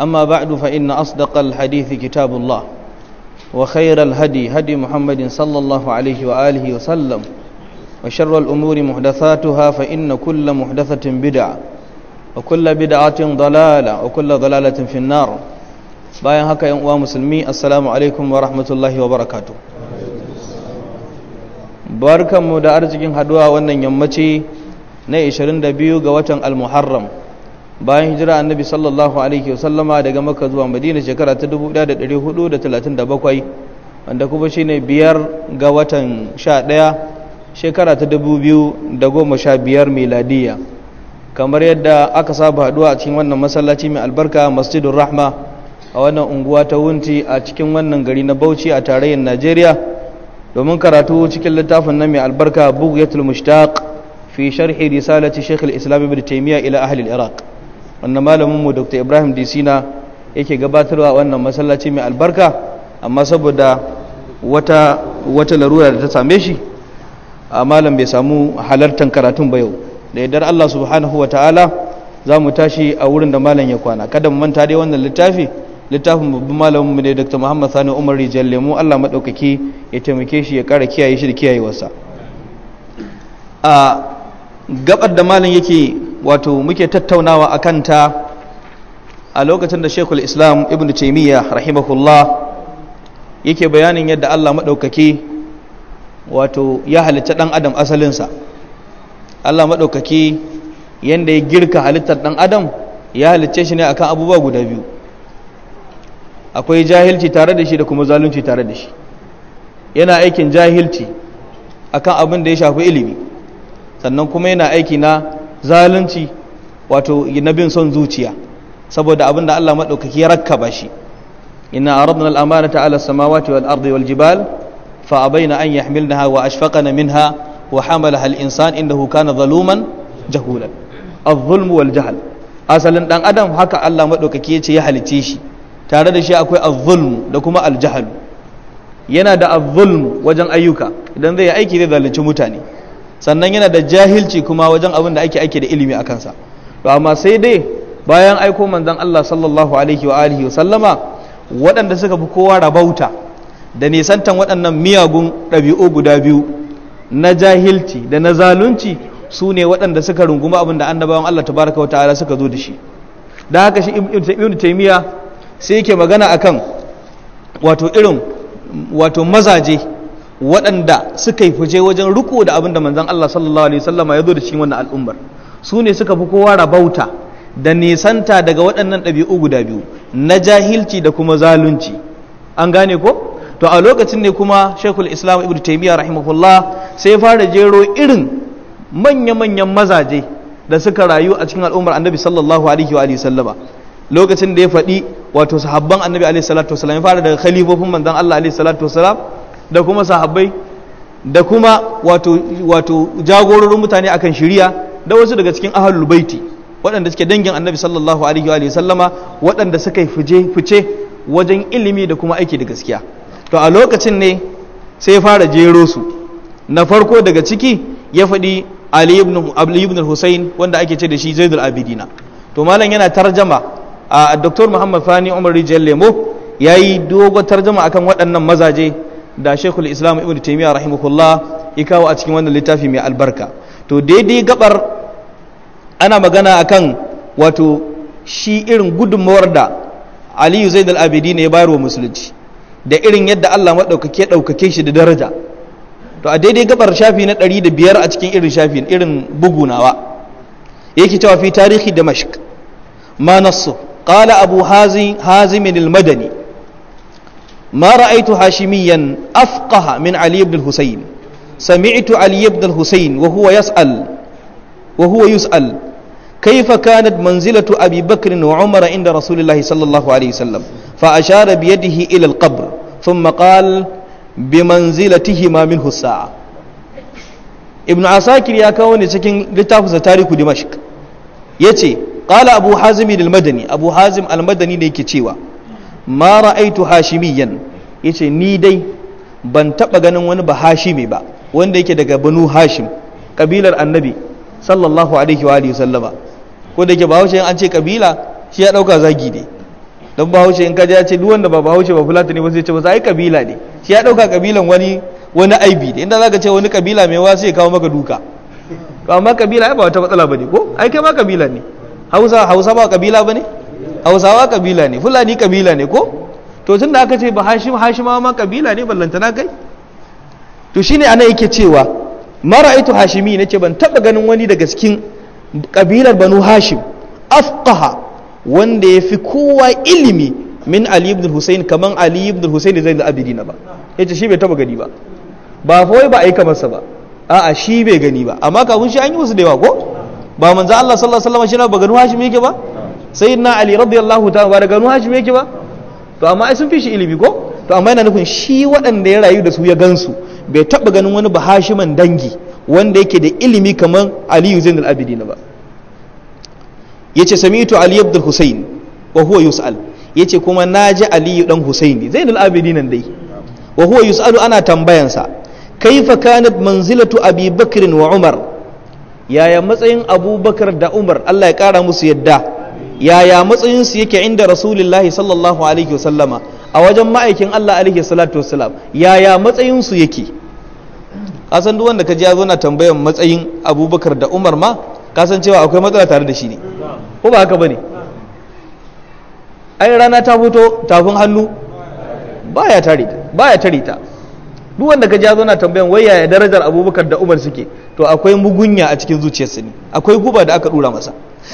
أما بعد فإن أصدق الحديث كتاب الله وخير الهدي هدي محمد صلى الله عليه وآله وسلم وشر الأمور محدثاتها فإن كل محدثة بدعة وكل بدعة ضلالة وكل ضلالة في النار باين هكا يا مسلمي السلام عليكم ورحمة الله وبركاته barkanmu da arzikin haduwa wannan yammaci na 22 ga watan al-muharram bayan hijira annabi sallallahu alaihi wasallama daga makka zuwa madina shekara ta 1437 wanda kuma shine biyar ga watan 11 shekara ta biyar miladiya kamar yadda aka saba haduwa a cikin wannan masallaci mai albarka masjidun rahma a wannan unguwa ta wunti a cikin wannan gari na bauchi a tarayyar najeriya domin karatu cikin littafin na mai albarka bugu yatul mushtaq fi sharhi risalati shekul islam ibn taimiyya ila ahli iraq wannan malaminmu dr ibrahim disina yake gabatarwa wannan masallaci mai albarka amma saboda wata larura da ta same shi a malam bai samu halartar karatun ba yau da yardar allah subhanahu wa ta'ala za mu tashi a wurin da malam ya kwana kada mu manta dai wannan littafi littafin babban malaminmu ne dr muhammad sani umar rijal lemu allah maɗaukaki ya taimake shi ya ƙara kiyaye shi da kiyayewarsa a gabar da malam yake wato muke tattaunawa a kanta a lokacin da shekul islam ibn taimiyya rahimahullah yake bayanin yadda allah maɗaukaki wato ya halitta ɗan adam asalinsa allah maɗaukaki yadda ya girka halittar ɗan adam ya halicce shi ne akan abubuwa guda biyu akwai jahilci tare da shi da kuma zalunci tare da shi yana aikin jahilci akan abin da ya shafi ilimi sannan kuma yana aiki na zalunci wato na bin son zuciya saboda abin da Allah maɗaukaki ya rakkaba shi inna aradna al-amanata ala samawati wal ardi wal jibal fa abaina an yahmilnaha wa ashfaqana minha wa hamala al-insan innahu kana zaluman jahulan az-zulm wal jahl asalin dan adam haka Allah maɗaukaki ya ce ya halice shi tare da shi akwai az-zulm da kuma al yana da az-zulm wajen ayyuka idan zai aiki zai zalunci mutane sannan yana da jahilci kuma wajen abin da ake ake da ilimi a kansa to amma sai dai bayan aiko manzon Allah sallallahu alaihi wa alihi sallama waɗanda suka fi kowa rabauta da nisantan waɗannan miyagun ɗabi'u guda biyu na jahilci da na zalunci su ne waɗanda suka runguma abin da annabawan Allah tabaraka wa ta'ala suka zo da shi da haka shi ibnu taymiya sai yake magana akan wato irin wato mazaje waɗanda suka yi fice wajen riko da abin da manzon Allah sallallahu alaihi wasallama ya zo da cikin wannan al'ummar su ne suka fi kowa rabauta da nisanta daga waɗannan ɗabi'u guda biyu na jahilci da kuma zalunci an gane ko to a lokacin ne kuma shekul islam ibn taimiyya rahimahullah sai fara jero irin manya-manyan mazaje da suka rayu a cikin al'ummar annabi sallallahu alaihi wa sallama lokacin da ya faɗi wato sahabban annabi alaihi salatu wasalam ya fara daga khalifofin manzon Allah alaihi salatu wasalam da kuma sahabbai da kuma wato jagororin mutane akan shiriya da wasu daga cikin ahalul baiti waɗanda suke dangin annabi sallallahu alaihi wa sallama waɗanda suka yi fice wajen ilimi da kuma aiki da gaskiya to a lokacin ne sai fara jero su na farko daga ciki ya faɗi ali ibn husayn wanda ake ce da shi zaidul abidina to malam yana tarjama a muhammad fani umar rijiyar lemo yayi dogon tarjama akan waɗannan mazaje da shekul islam ibn taimiyya rahimahullah ya kawo a cikin wannan littafi mai albarka to daidai gabar ana magana akan wato shi irin gudunmawar da aliyu zai al-abidi ya bayar wa musulunci da irin yadda allah maɗaukake ɗaukake shi da daraja to a daidai gabar shafi na ɗari da biyar a cikin irin shafi irin bugunawa yake cewa fi tarihi damashq ma nasu, qala abu hazim hazim al-madani ما رأيت هاشميا أفقه من علي بن الحسين سمعت علي بن الحسين وهو يسأل وهو يسأل كيف كانت منزلة أبي بكر وعمر عند رسول الله صلى الله عليه وسلم فأشار بيده إلى القبر ثم قال بمنزلتهما منه الساعة ابن عساكر يا كوني سكن لتافز تاريخ دمشق يتي قال أبو حازم المدني أبو حازم المدني ليكي تيوى ma ra'aitu hashimiyan yace ni dai ban taba ganin wani ba hashimi ba wanda yake daga banu hashim kabilar annabi sallallahu alaihi wa alihi sallama ko da yake bahaushe an ce kabila shi ya dauka zagi ne don bahaushe in kaji ya ce duk wanda ba bahaushe ba fulani ba zai ce ba sai kabila ne shi ya dauka kabilan wani wani aibi ne inda zaka ce wani kabila mai wasu ya kawo maka duka to amma kabila ba wata matsala bane ko ai kai ma kabila ne hausa hausa ba kabila bane hausawa kabila ne fulani kabila ne ko to tun da aka ce ba hashim hashimawa ma kabila ne ballantana kai to shine ana yake cewa mara ito hashimi ce ban taba ganin wani daga cikin kabilar banu hashim afqaha wanda ya fi kowa ilimi min ali ibn Hussein kaman ali ibn husayn zai da na ba Ya ce shi bai taba gani ba ba fawai ba ba aika masa ba a'a shi bai gani ba amma kafin shi an yi wasu da yawa ko ba manzo Allah sallallahu alaihi wasallam shi na ba ganu hashimi yake ba na ali radiyallahu ta ba daga nuhashi me yake ba to amma ai sun fi shi ilimi ko to amma yana nufin shi waɗanda ya rayu da su ya gansu bai taɓa ganin wani bahashiman dangi wanda yake da ilimi kamar aliyu zain al-abidin ba yace to ali ibn husayn wa huwa yus'al ce kuma naji aliyu dan husayn zain al-abidin dai wa huwa yus'alu ana tambayansa kaifa kanat manzilatu abi bakr wa umar yaya matsayin abubakar da umar Allah ya kara musu yadda yaya matsayinsu yake inda rasulullahi sallallahu alaihi wasallama a wajen ma'aikin Allah alaihi salatu wasallam yaya matsayinsu yake kasan duk wanda kaji ya zo na tambayan matsayin abubakar da umar ma kasan cewa akwai matsala tare da shi ne ko ba haka bane ai rana ta fito tafin hannu baya tare baya tare ta duk wanda kaji ya zo na tambayan wai yaya darajar abubakar da umar suke to akwai mugunya a cikin zuciyarsa ne akwai guba da aka dura masa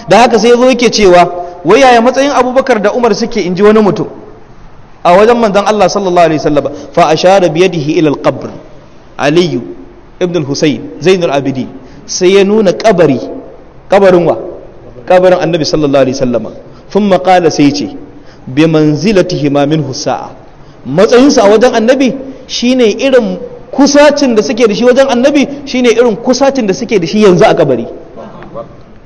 da haka sai yazo yake cewa wai yaya matsayin abubakar da umar suke inji wani mutum a wajen manzon Allah sallallahu alaihi wasallam fa ashara bi yadihi ila al-qabr ali ibn al-husayn zain al-abidi sai ya nuna kabari kabarin wa kabarin annabi sallallahu alaihi wasallam thumma qala sai ce bi manzilatihi ma minhu sa'a matsayinsa a wajen annabi shine irin kusacin da suke da shi wajen annabi shine irin kusacin da suke da shi yanzu a kabari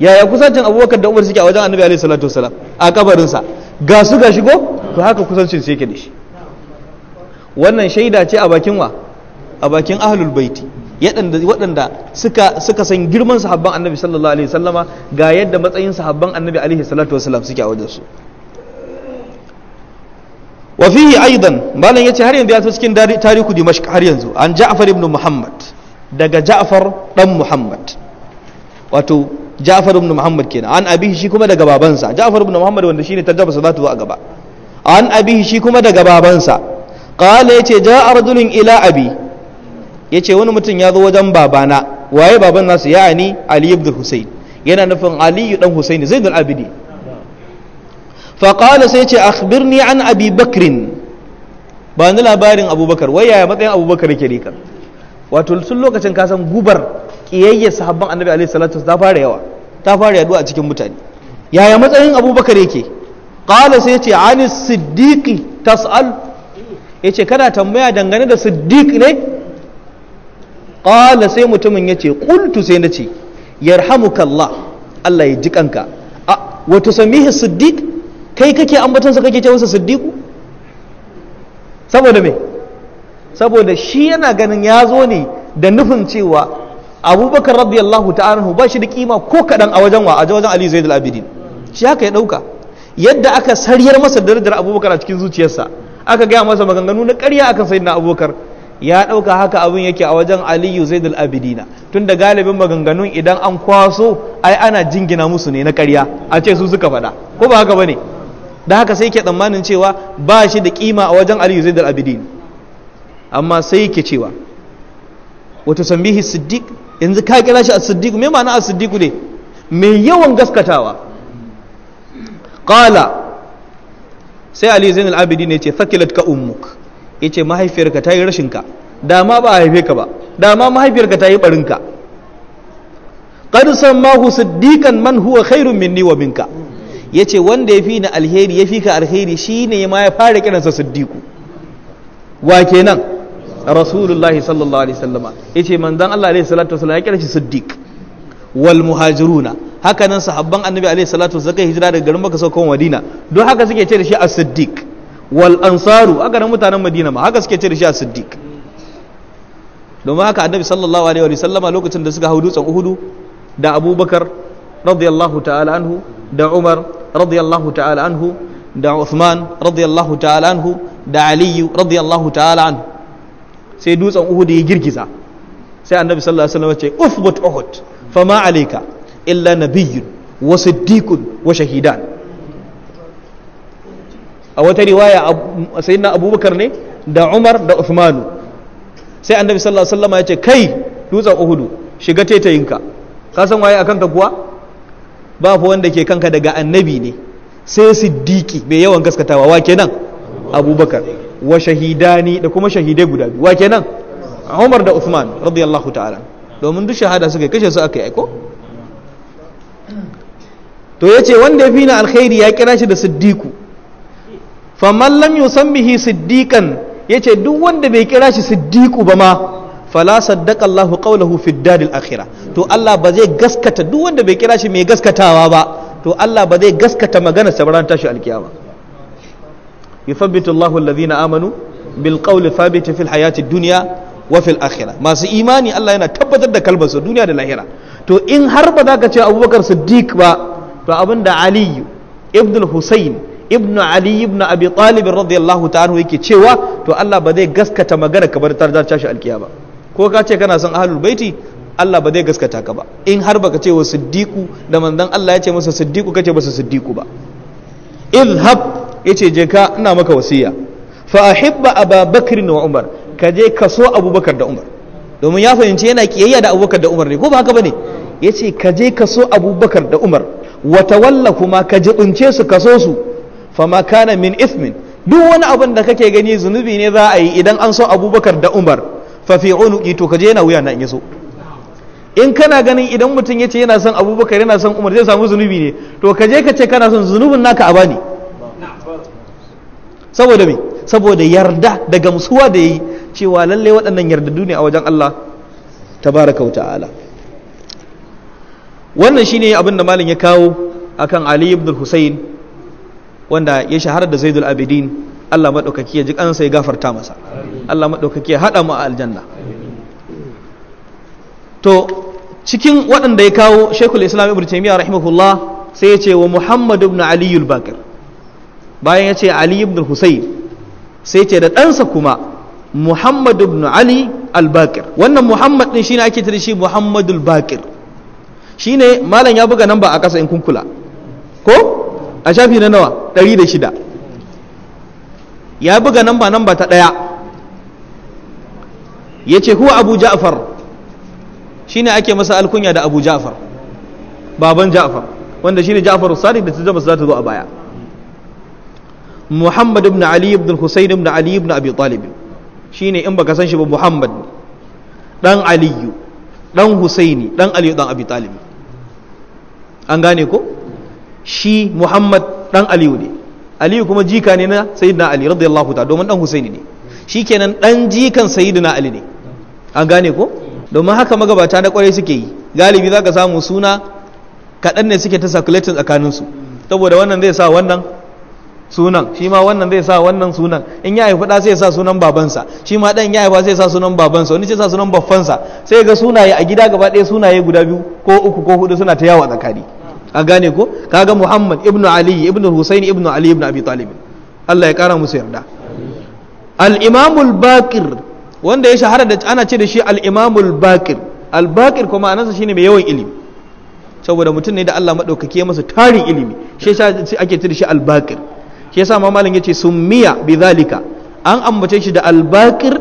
yaya kusacin abubakar da umar suke a wajen annabi alaihi salatu wasalam a kabarinsa ga su ga shigo to haka kusancin su yake da shi wannan shaida ce a bakin wa a bakin ahlul baiti waɗanda suka suka san girman sahabban annabi sallallahu alaihi sallama, ga yadda matsayin sahabban annabi alaihi salatu wasalam suke a wajen su wa fihi aidan malam ce har yanzu ya so cikin tarihu dimashq har yanzu an ja'far ibn muhammad daga ja'far dan muhammad wato ja'far ibn muhammad kenan an abihi shi kuma daga babansa ja'far ibn muhammad wanda shine tarjaba za ta zo a gaba an abihi shi kuma daga babansa qala yace ja'a rajulun ila abi yace wani mutum ya zo wajen babana waye baban nasu ya'ani ali ibn husayn yana nufin ali dan husayn zainul abidin faƙala sai ce akhbirni an abi bakrin ba ni labarin abubakar wai yaya matsayin abubakar yake rika, wato sun lokacin kasan gubar ƙiyayya sahabban annabi alaihi salatu ta fara yawa ta fara yaduwa a cikin mutane yaya matsayin abubakar yake ƙala sai ce ani siddiqi tas'al yace kana tambaya dangane da siddiq ne ƙala sai mutumin yace qultu sai nace yarhamukallah Allah ya ji kanka wato tusamihi siddiq kai kake amatansa kake ce siddiku siddiqu saboda me saboda shi yana ganin ya zo ne da nufin cewa abubakar radiyallahu ta'ala ba shi da kima ko kaɗan a wajen wa a wajen ali zaid al-abidin shi haka ya ɗauka yadda aka sariyar masa darajar abubakar a cikin zuciyarsa aka gaya masa maganganu na ƙarya akan sayyidina abubakar ya ɗauka haka abin yake a wajen aliyu zaid al-abidina tun da galibin maganganun idan an kwaso ai ana jingina musu ne na ƙarya a ce su suka faɗa ko ba haka bane da haka sai ke tsammanin cewa ba shi da kima a wajen aliyu zai abidin amma sai ke cewa wato sambihi siddiq yanzu ka kira shi a siddiq me ma'ana a siddiq ne mai yawan gaskatawa kala sai ali zain al-abidin ya ce thakilat ka ummuk ya ce mahaifiyarka ta yi rashinka ka dama ba a haife ka ba Dama mahaifiyarka ta yi barinka qad sammahu siddiqan man huwa khairun minni wa minka ya ce wanda ya fi ni alheri ya fi ka alheri shi ne ma ya fara kiransa siddiku wa kenan rasulullahi sallallahu alaihi sallama ya ce manzan Allah alaihi salatu wasallam ya kira shi siddiq wal muhajiruna haka nan sahabban annabi alaihi salatu wasallam suka hijira daga garin Makka suka koma Madina don haka suke ce da shi as-siddiq wal ansaru haka nan mutanen Madina ma haka suke ce da shi as-siddiq domin haka annabi sallallahu alaihi wa sallama lokacin da suka hau dutsen Uhudu da Abubakar radiyallahu ta'ala anhu da Umar radiyallahu ta'ala anhu da Uthman radiyallahu ta'ala anhu da Ali radiyallahu ta'ala anhu sai dutsen Uhud ya girgiza sai annabi sallallahu alaihi wasallam ya ce uthbut Uhud fama alayka illa nabiyyun wa siddiqun wa shahidan a wata riwaya sayyidina Abubakar ne da Umar da Uthman sai annabi sallallahu alaihi wasallam ya ce kai dutsen Uhud shiga tetayinka ka san waye akan ka kuwa ba fa wanda ke kanka daga annabi ne sai siddiqi mai yawan gaskatawa wa kenan abubakar wa shahidani da kuma shahidai guda biyu wa kenan umar da uthman radiyallahu ta'ala domin duk shahada suka kashe su aka yi aiko to yace wanda ya fi na alkhairi ya kira shi da siddiqu faman lam yusammihi siddiqan yace duk wanda bai kira shi siddiqu ba ma fala saddaqa Allahu qawlahu fid daril akhirah to Allah ba zai gaskata duk wanda bai kira shi mai gaskatawa ba to Allah ba zai gaskata maganar sa ran tashi alkiyama yuthabbitu Allahu alladhina amanu bil qawli thabit fil hayati dunya wa fil akhirah masu imani Allah yana tabbatar da kalmar su duniya da lahira to in har ba za ka ce Abubakar Siddiq ba to abinda Ali ibn al-Husayn ibn ali ibn abi talib radiyallahu ta'ala yake cewa to Allah ba zai gaskata magana kamar tar da tashi alkiyama ko ka ce kana son ahlul baiti Allah ba zai gaskata ka ba in har baka ce wa Siddiku da manzon Allah ya ce masa siddiqu kace masa siddiqu ba ilhab yace je ka ina maka wasiya fa ahibba ababakr wa umar ka je ka so abubakar da umar domin ya fahimci yana kiyayya da abubakar da umar ne ko ba haka bane yace ka je ka so abubakar da umar Wata walla kuma ka jibince su ka so su fama kana min duk wani abin da kake gani zunubi ne za a yi idan an so abubakar da umar fafi fi to kaje yana wuya na in yaso in kana ganin idan mutum ya ce yana son abubakar yana son umar zai samu zunubi ne to kaje ka ce kana son zunubin naka a bani saboda me saboda yarda da gamsuwa da yi cewa lalle waɗannan yardadu ne a wajen Allah tabaraka ta'ala wannan shine abin da malin ya kawo akan Ali ibn Hussein wanda ya shahara da Zaidul Abidin Allah maɗaukaki ya ji ƙansa ya gafarta masa Allah maɗaukaki ya haɗa mu a aljanna to cikin waɗanda ya kawo shekul islam ibn taimiyya rahimahullah sai ya ce wa muhammad ibn ali bakir bayan ya ce ali ibn husayn sai ya ce da ɗansa kuma muhammad ibn ali al wannan muhammad ɗin shine ake tare shi muhammad Bakir. bakir shine malam ya buga namba a ƙasa in kunkula ko a shafi na nawa ɗari da shida. ya buga namba namba ta ɗaya ya ce huwa abu ja'far shine ake masa alkunya da abu ja'far baban ja'far wanda shine ja'far sadiq da ta za ta zo a baya muhammad ibn ali ibn husayn ibn ali ibn abi talib shine in baka san shi ba muhammad dan aliyu dan husaini dan aliyu dan abi talib an gane ko shi muhammad dan aliyu ne aliyu kuma jika ne na sayyidina ali radiyallahu ta domin dan husaini ne shikenan dan jikan sayyidina ali ne an gane ko domin haka magabata na kwarai suke yi galibi zaka samu suna kaɗan ne suke ta circulating tsakaninsu saboda wannan zai sa wannan sunan shi ma wannan zai sa wannan sunan in ya haifi ɗa sai sa sunan babansa shi ma ɗan ya haifa sai sa sunan babansa wani sai sa sunan baffansa sai ga sunaye a gida gaba ɗaya sunaye guda biyu ko uku ko hudu suna ta yawo tsakani an gane ko kaga muhammad ibnu ali ibnu husaini ibnu ali ibnu abi talib Allah ya kara musu yarda al-imam al wanda ya shahara da ana ce da shi al-imam al-baqir al-baqir kuma anansa shine mai yawan ilimi saboda mutum ne da Allah madaukaki ya masa tarin ilimi shi yasa ake ce da shi al-baqir shi yasa ma malam yace summiya bidhalika an ambace shi da al-baqir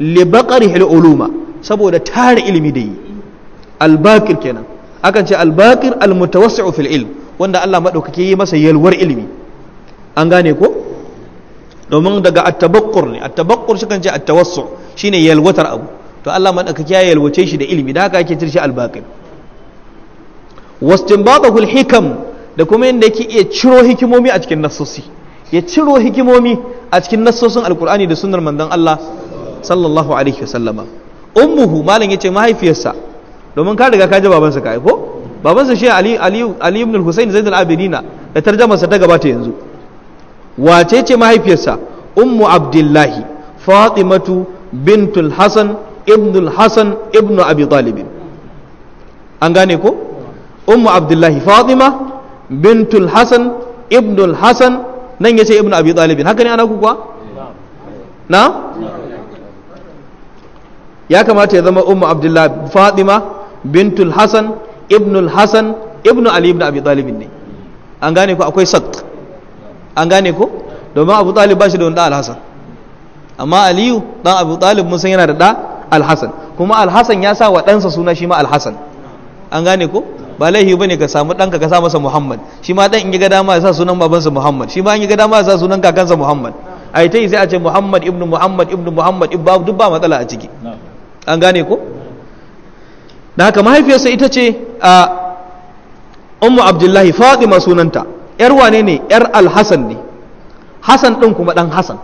li baqarihi al-uluma saboda tare ilimi da yi al kenan akan ce albaqir almutawassi'u fil ilm wanda Allah madaukake yi masa yalwar ilimi an gane ko domin daga at-tabakkur ne at-tabakkur shi kan ce at-tawassu shine yalwatar abu to Allah madaukake ya yalwace shi da ilimi da haka yake cirshi albaqir wastinbatahu al-hikam da kuma inda yake iya ciro hikimomi a cikin nassosi ya ciro hikimomi a cikin nassosin alkur'ani da sunnar manzon Allah sallallahu alaihi wasallama ummuhu malam yace mahaifiyarsa domin ka riga ka ji babansa ka aiko babansa shi ali ali ali ibn al-husayn zaid al-abidina da tarjamar sa ta gabata yanzu wace ce mahaifiyarsa ummu abdullahi fatimatu bintul hasan ibn al-hasan ibn abi talib an gane ko ummu abdullahi fatima bintul hasan ibn al-hasan nan yace ibn abi talib haka ne ana ku kuwa na ya kamata ya zama ummu abdullahi fatima bintul Hassan, ibnul Hassan, ibnu ali ibn abi talibin ne an gane ko akwai sak. an gane ko domin abu talib ba shi da wani Alhassan. amma aliyu dan abu talib mun san yana da da Alhassan. kuma Alhassan ya sa wa ɗansa suna shi ma alhassan an gane ko ba laihi ba ne ka samu ɗanka ka sa masa muhammad shi ma ɗan in yi ga dama ya sa sunan babansa muhammad shi ma in yi ga dama ya sa sunan kakansa muhammad a yi ta yi sai a ce muhammad ibnu muhammad ibnu muhammad ibnu duk ba matsala a ciki an gane ko da haka mahaifiyarsa ita ce a ummu abdullahi fatima sunanta yar wane ne yar alhassan ne hassan din kuma dan hassan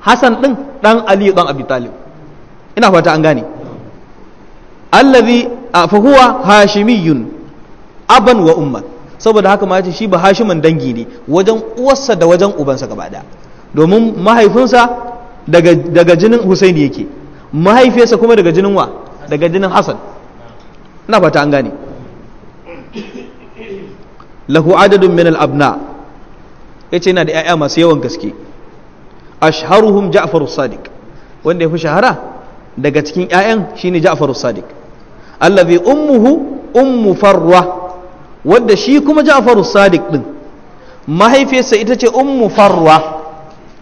hassan din dan aliyu dan abi talib ina fata an gane allazi fa huwa hashimiyun aban wa umma. saboda haka ma shi ba Hashiman dangi ne wajen uwarsa da wajen ubansa gaba daya domin mahaifinsa daga jinin husaini yake mahaifiyarsa kuma daga jinin wa daga jinin hassan na fata an gane lahu adadun min al-abna yace yana da ƴaƴa masu yawan gaske ashharuhum ja'far as-sadiq wanda ya fi shahara daga cikin ƴaƴan shine ja'far as-sadiq allazi ummuhu ummu farwa wanda shi kuma ja'far as-sadiq din mahaifiyarsa ita ce ummu farwa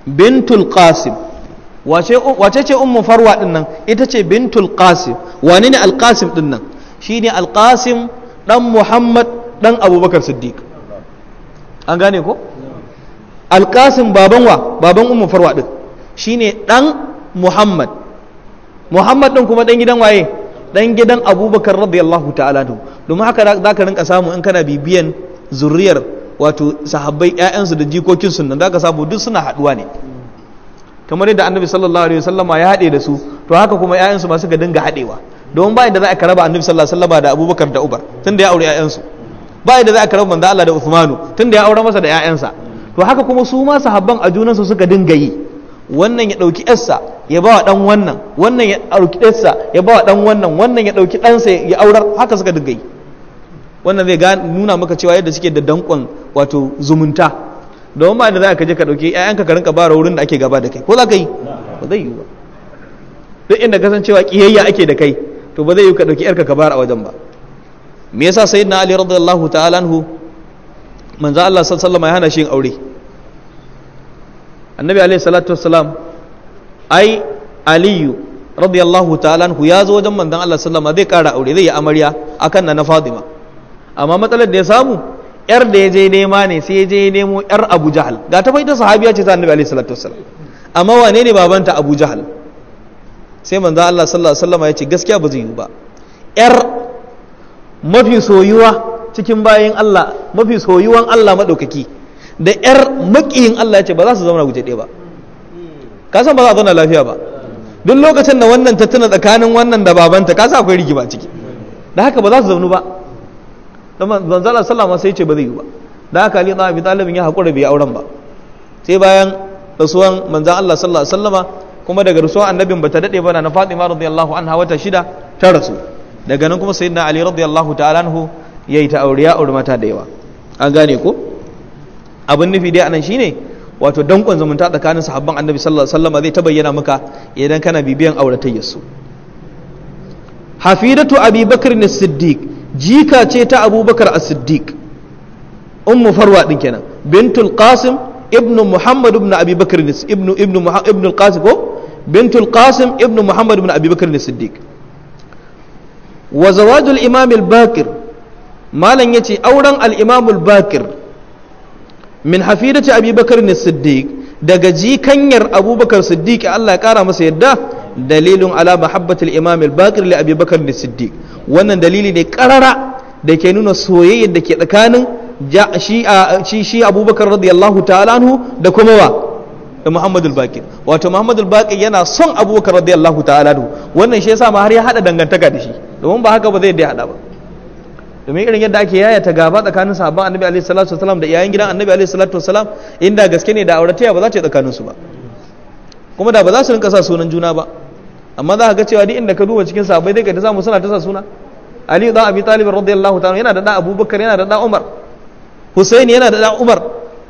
bintul qasim wace ce ummu farwa din nan ita ce bintul qasim wane ne al-qasim din nan shine alqasim dan muhammad dan abubakar siddiq an gane ko alqasim baban wa baban ummu farwa din shine dan muhammad muhammad din kuma dan gidan waye dan gidan abubakar radiyallahu ta'ala domin haka za ka rinka samu in kana bibiyan zurriyar wato sahabbai ƴaƴansu da jikokinsu nan za ka samu duk suna haɗuwa ne kamar yadda annabi sallallahu alaihi wasallama ya haɗe da su to haka kuma ƴaƴansu ma suka dinga haɗewa domin bayan yadda za a karaba annabi sallallahu alaihi wasallam da abubakar da ubar tunda ya aure ƴaƴansu bayan yadda za a karaba manzo Allah da usmanu tunda ya aure masa da ƴaƴansa to haka kuma su ma sahabban a junansu suka dinga yi wannan ya ɗauki yarsa ya ba wa ɗan wannan wannan ya ɗauki yarsa ya ba wa ɗan wannan wannan ya ɗauki ɗansa ya aurar haka suka dinga yi wannan zai nuna maka cewa yadda suke da dankon wato zumunta domin ba da za ka je ka ɗauki ƴaƴanka ka rinka bara wurin da ake gaba da kai ko za ka yi ba zai yi ba duk inda kasancewa kiyayya ake da kai to ba zai yi ka ɗauki yarka ka bayar a wajen ba me yasa sayyidina ali radiyallahu ta'ala anhu manzo Allah sallallahu alaihi wasallam ya hana shi yin aure annabi alaihi salatu wassalam ai aliyu radiyallahu ta'ala anhu ya zo wajen manzon Allah sallallahu alaihi wasallam zai kara aure zai yi amarya akan na na Fatima amma matsalar da ya samu yar da ya je nema ne sai ya je nemo yar Abu Jahal ga ta faita sahabiya ce ta annabi alaihi salatu wassalam amma wane ne babanta Abu Jahal sai manzo Allah sallallahu alaihi wasallam ya ce gaskiya ba zai yi ba yar mafi soyuwa cikin bayin Allah mafi soyuwan Allah madaukaki da yar makiyin Allah ya ce ba za su zauna guje ɗaya ba ka san ba za a zauna lafiya ba duk lokacin da wannan ta tuna tsakanin wannan da babanta ka san akwai rigima ciki da haka ba za su zaunu ba dan manzo Allah sallallahu alaihi wasallam sai ya ce ba zai yi ba da haka Ali ibn Abi Talib ya hakura bai auren ba sai bayan rasuwan manzo Allah sallallahu alaihi wasallama kuma daga rasuwa annabin bata daɗe ba na Fatima radiyallahu anha wata shida ta rasu daga nan kuma sayyidina Ali radiyallahu ta'ala anhu yayi ta auriya aure mata da yawa an gane ko abin nufi dai anan shine wato dankon zumunta tsakanin sahabban annabi sallallahu alaihi wasallam zai ta bayyana maka idan kana bibiyan auratayyar su hafidatu abi bakr siddiq jika ce ta abubakar a siddiq ummu farwa din kenan bintul qasim ibnu muhammad ibnu abi bakr ibnu ibnu ibnu qasim ko bintul qasim ibn muhammad ibn abi bakr siddiq wa zawajul imam al-bakir malam yace auren al bakir min hafidati abi bakr siddiq daga jikanyar abubakar siddiq Allah ya kara masa yadda dalilin ala mahabbatul imam bakir li abi bakr siddiq wannan dalili ne karara da ke nuna soyayyar da ke tsakanin shi abubakar radiyallahu ta'ala anhu da kuma wa da Muhammad al-Baqir wato Muhammad al-Baqir yana son Abubakar radiyallahu ta'ala da wannan shi yasa ma har ya hada dangantaka da shi domin ba haka ba zai da hada ba domin irin yadda ake yaya ta gaba tsakanin sahabban Annabi alaihi salatu wasalam da iyayen gidan Annabi alaihi salatu wasalam inda gaske ne da aurataya ba za ta yi tsakanin su ba kuma da ba za su rinka sa sunan juna ba amma za ka ga cewa duk inda ka duba cikin sahabbai dai ka ta samu suna ta sa suna Ali da Abi Talib radiyallahu ta'ala yana da da Abubakar yana da da Umar Husaini yana da da Umar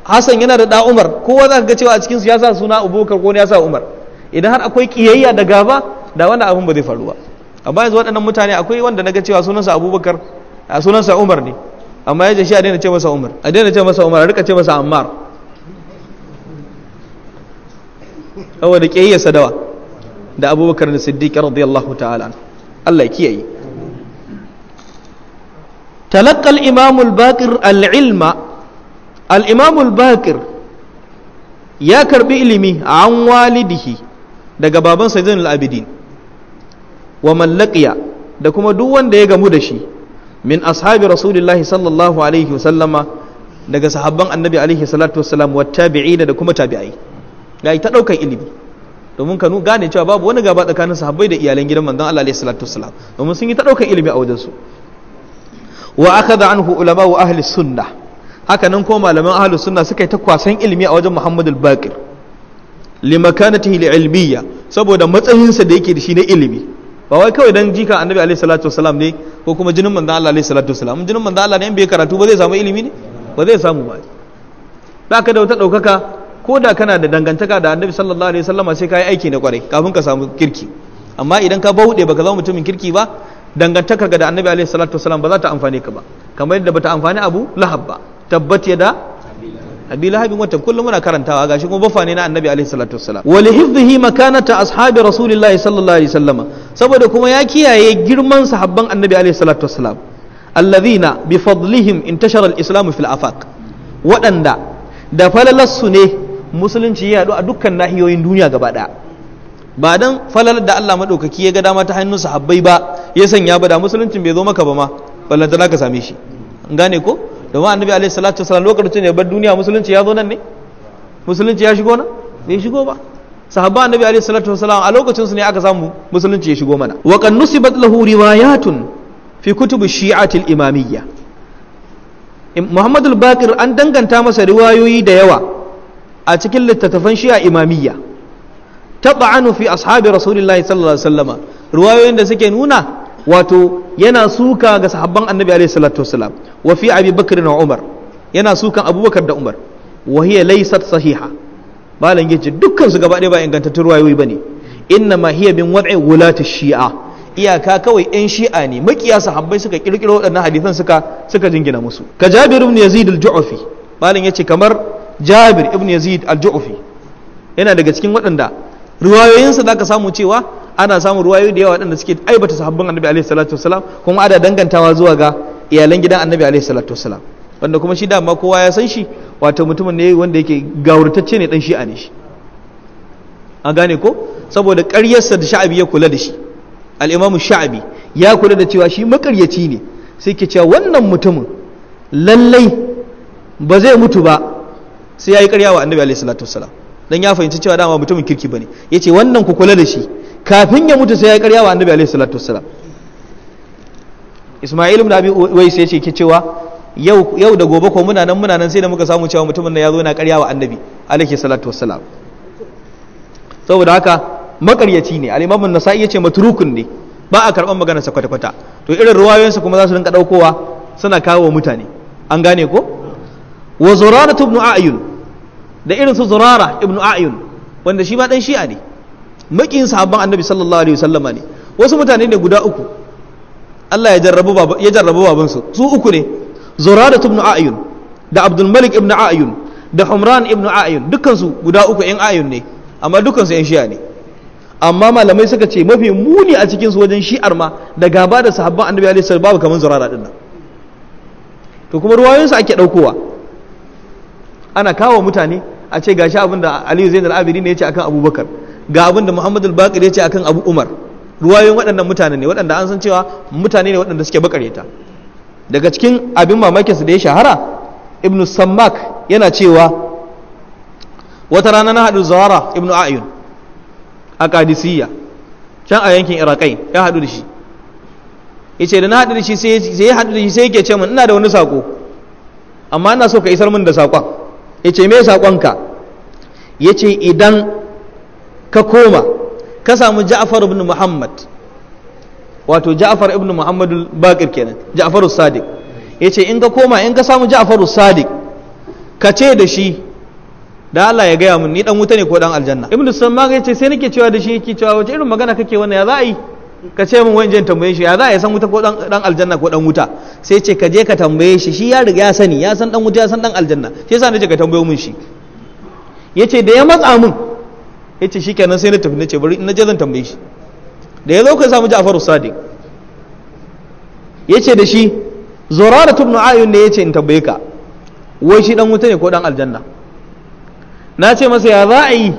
Hassan yana da da Umar kowa za ka ga cewa a cikinsu ya sa suna Abubakar ko ya sa Umar idan har akwai kiyayya da gaba da wannan abin ba zai faru ba amma yanzu waɗannan mutane akwai wanda na ga cewa sunansa Abubakar a sunansa Umar ne amma ya shi a daina ce masa Umar a daina ce masa Umar a rika ce masa Ammar kawai saboda kiyayya sadawa da Abubakar da Siddiq radiyallahu ta'ala Allah ya kiyaye imamul الإمام al ilma. al'imamul bakir ya karbi ilimi a an walidihi daga baban sayyidin al'abidin wa mallakiya da kuma duk wanda ya gamu da shi min ashabi rasulullahi sallallahu alaihi wasallama daga sahabban annabi alaihi salatu wasallam wa tabi'ina da kuma tabi'ai ga ta daukar ilimi domin ka gane cewa babu wani gaba tsakanin sahabbai da iyalan gidan manzon Allah alaihi salatu wasallam domin sun yi ta daukar ilimi a wajen su wa akhadha anhu ulama wa ahli sunnah haka nan kuma malaman ahlus sunna suka yi ta kwasan ilimi a wajen Muhammad al-Baqir limakanatihi al-ilmiyya saboda matsayinsa da yake da shi na ilimi ba wai kawai dan jika annabi alaihi salatu wasalam ne ko kuma jinin manzo Allah alaihi salatu wasalam jinin manzo Allah ne in bai karatu ba zai samu ilimi ne ba zai samu ba da ka da wata daukaka ko da kana da dangantaka da annabi sallallahu alaihi wasallam sai ka yi aiki na kwarai kafin ka samu kirki amma idan ka bauɗe baka zama mutumin kirki ba dangantakar ga da annabi alaihi salatu wasalam ba za ta amfane ka ba kamar yadda bata amfani abu lahab ba tabbat da? abi lahabin wata kullum muna karantawa gashi kuma bafa ne na annabi alaihi salatu wassalam wa hifdhihi makanata ashabi rasulillahi sallallahu alaihi wasallama saboda kuma ya kiyaye girman sahabban annabi alaihi salatu wassalam alladhina bi fadlihim intashara al-islam fil afaq waɗanda da su ne musulunci ya yaɗu a dukkan nahiyoyin duniya gaba ɗaya ba dan falalar da Allah madaukaki ya ga dama ta hannun sahabbai ba ya sanya ba da musuluncin bai zo maka ba ma ballantana ka same shi gane ko domin annabi alaihi salatu wasallam lokacin da ya bar duniya musulunci ya zo nan ne musulunci ya shigo nan bai shigo ba sahabba annabi alaihi salatu wasallam a lokacin su ne aka samu musulunci ya shigo mana wa qad nusibat lahu riwayatun fi kutub shi'atil imamiyya Muhammad al-Baqir an danganta masa riwayoyi da yawa a cikin littattafan shi'a imamiyya tab'anu fi ashabi rasulillahi sallallahu alaihi wasallama riwayoyin da suke nuna wato yana suka ga sahabban annabi alaihi salatu wasalam wa fi abi bakr da umar yana sukan abubakar da umar wa hiya laysat sahiha malam yace dukkan su gaba ɗaya ba ingantattun ruwayoyi bane inna ma hiya min wad'i wulati shi'a iyaka kawai yan shi'a ne makiya sahabbai suka kirkiro waɗannan hadisan suka suka jingina musu ka jabir ibn yazid al-ju'fi malam yace kamar jabir ibn yazid al-ju'fi yana daga cikin waɗanda ruwayoyinsa riwayoyinsa zaka samu cewa ana samun ruwayoyi da yawa waɗanda suke aibata sahabban annabi alaihi salatu wasalam kuma ada dangantawa zuwa ga iyalan gidan annabi alaihi salatu wasalam wanda kuma shi dama kowa ya san shi wato mutumin ne wanda yake gawurtacce ne dan shi'a ne shi an gane ko saboda ƙaryarsa da sha'abi ya kula da shi al'imamu sha'abi ya kula da cewa shi makaryaci ne sai ke cewa wannan mutumin lallai ba zai mutu ba sai ya yi ƙarya wa annabi alaihi salatu wasalam dan ya fahimci cewa dama mutumin kirki bane yace wannan ku kula da shi kafin ya mutu sai ya karya wa annabi alaihi salatu wassalam Isma'il ibn Abi Uwais yace ke cewa yau yau da gobe ko muna nan muna nan sai da muka samu cewa mutumin nan ya zo yana karya wa annabi alaihi salatu wassalam saboda haka makaryaci ne al-Imam an-Nasa'i yace matrukun ne ba a karban maganar sa kwata-kwata to irin ruwayoyinsa kuma za su rinka daukowa suna kawo mutane an gane ko wa zuranatu ibn a'yun da irin su zurara ibnu a'yun wanda shi ma dan shi'a ne makin sahabban annabi sallallahu alaihi wasallama ne wasu mutane ne guda uku Allah ya jarrabu baba ya jarrabu baban su su uku ne zurara ibnu a'yun da abdul malik ibnu a'yun da humran ibnu a'yun dukkan su guda uku yan a'yun ne amma dukkan su yan shi'a ne amma malamai suka ce mafi muni a cikin su wajen shi'ar ma da gaba da sahabban annabi alaihi sallallahu babu kaman zurara din nan to kuma ruwayoyinsu ake daukowa ana kawo mutane a ce gashi abin da aliyu al abidin ne ya ce akan Bakar, ga abin da muhammad al-baqir ya ce akan abu umar ruwayoyin waɗannan mutane ne waɗanda an san cewa mutane ne waɗanda suke bakareta daga cikin abin mamakin su da ya shahara Ibn sammak yana cewa wata rana na haɗu zawara Ibn Ayyun a Qadisiyya can a yankin irakai ya haɗu da shi ya ce da na haɗu da shi sai ya hadu da shi sai yake ce min ina da wani sako amma ina so ka isar min da sakon ya ce me saƙonka ya ce idan ka koma ka samu ja'far ibn muhammad wato ja'far ibn muhammad bakir kenan ja'far sadiq ya ce in ka koma in ka samu ja'far sadiq ka ce da shi da Allah ya gaya mun ni dan wuta ne ko dan aljanna ibn sulman ya ce sai nake cewa da shi yake cewa wace irin magana kake wannan ya za a yi ka ce min wajen tambaye shi ya za a yi san wuta ko dan aljanna ko dan wuta sai ce ka je ka tambaye shi shi ya riga ya sani ya san dan wuta ya san dan aljanna shi yasa nace ka tambayo mun shi yace da ya matsa ce yace shikenan sai na tafi ce bari na je zan tambaye shi da ya zo ka samu Ja'faru Sadiq yace da shi Zurara ibn Ayyun ne yace in tambaye ka wai shi dan wuta ne ko dan aljanna na ce masa ya za a yi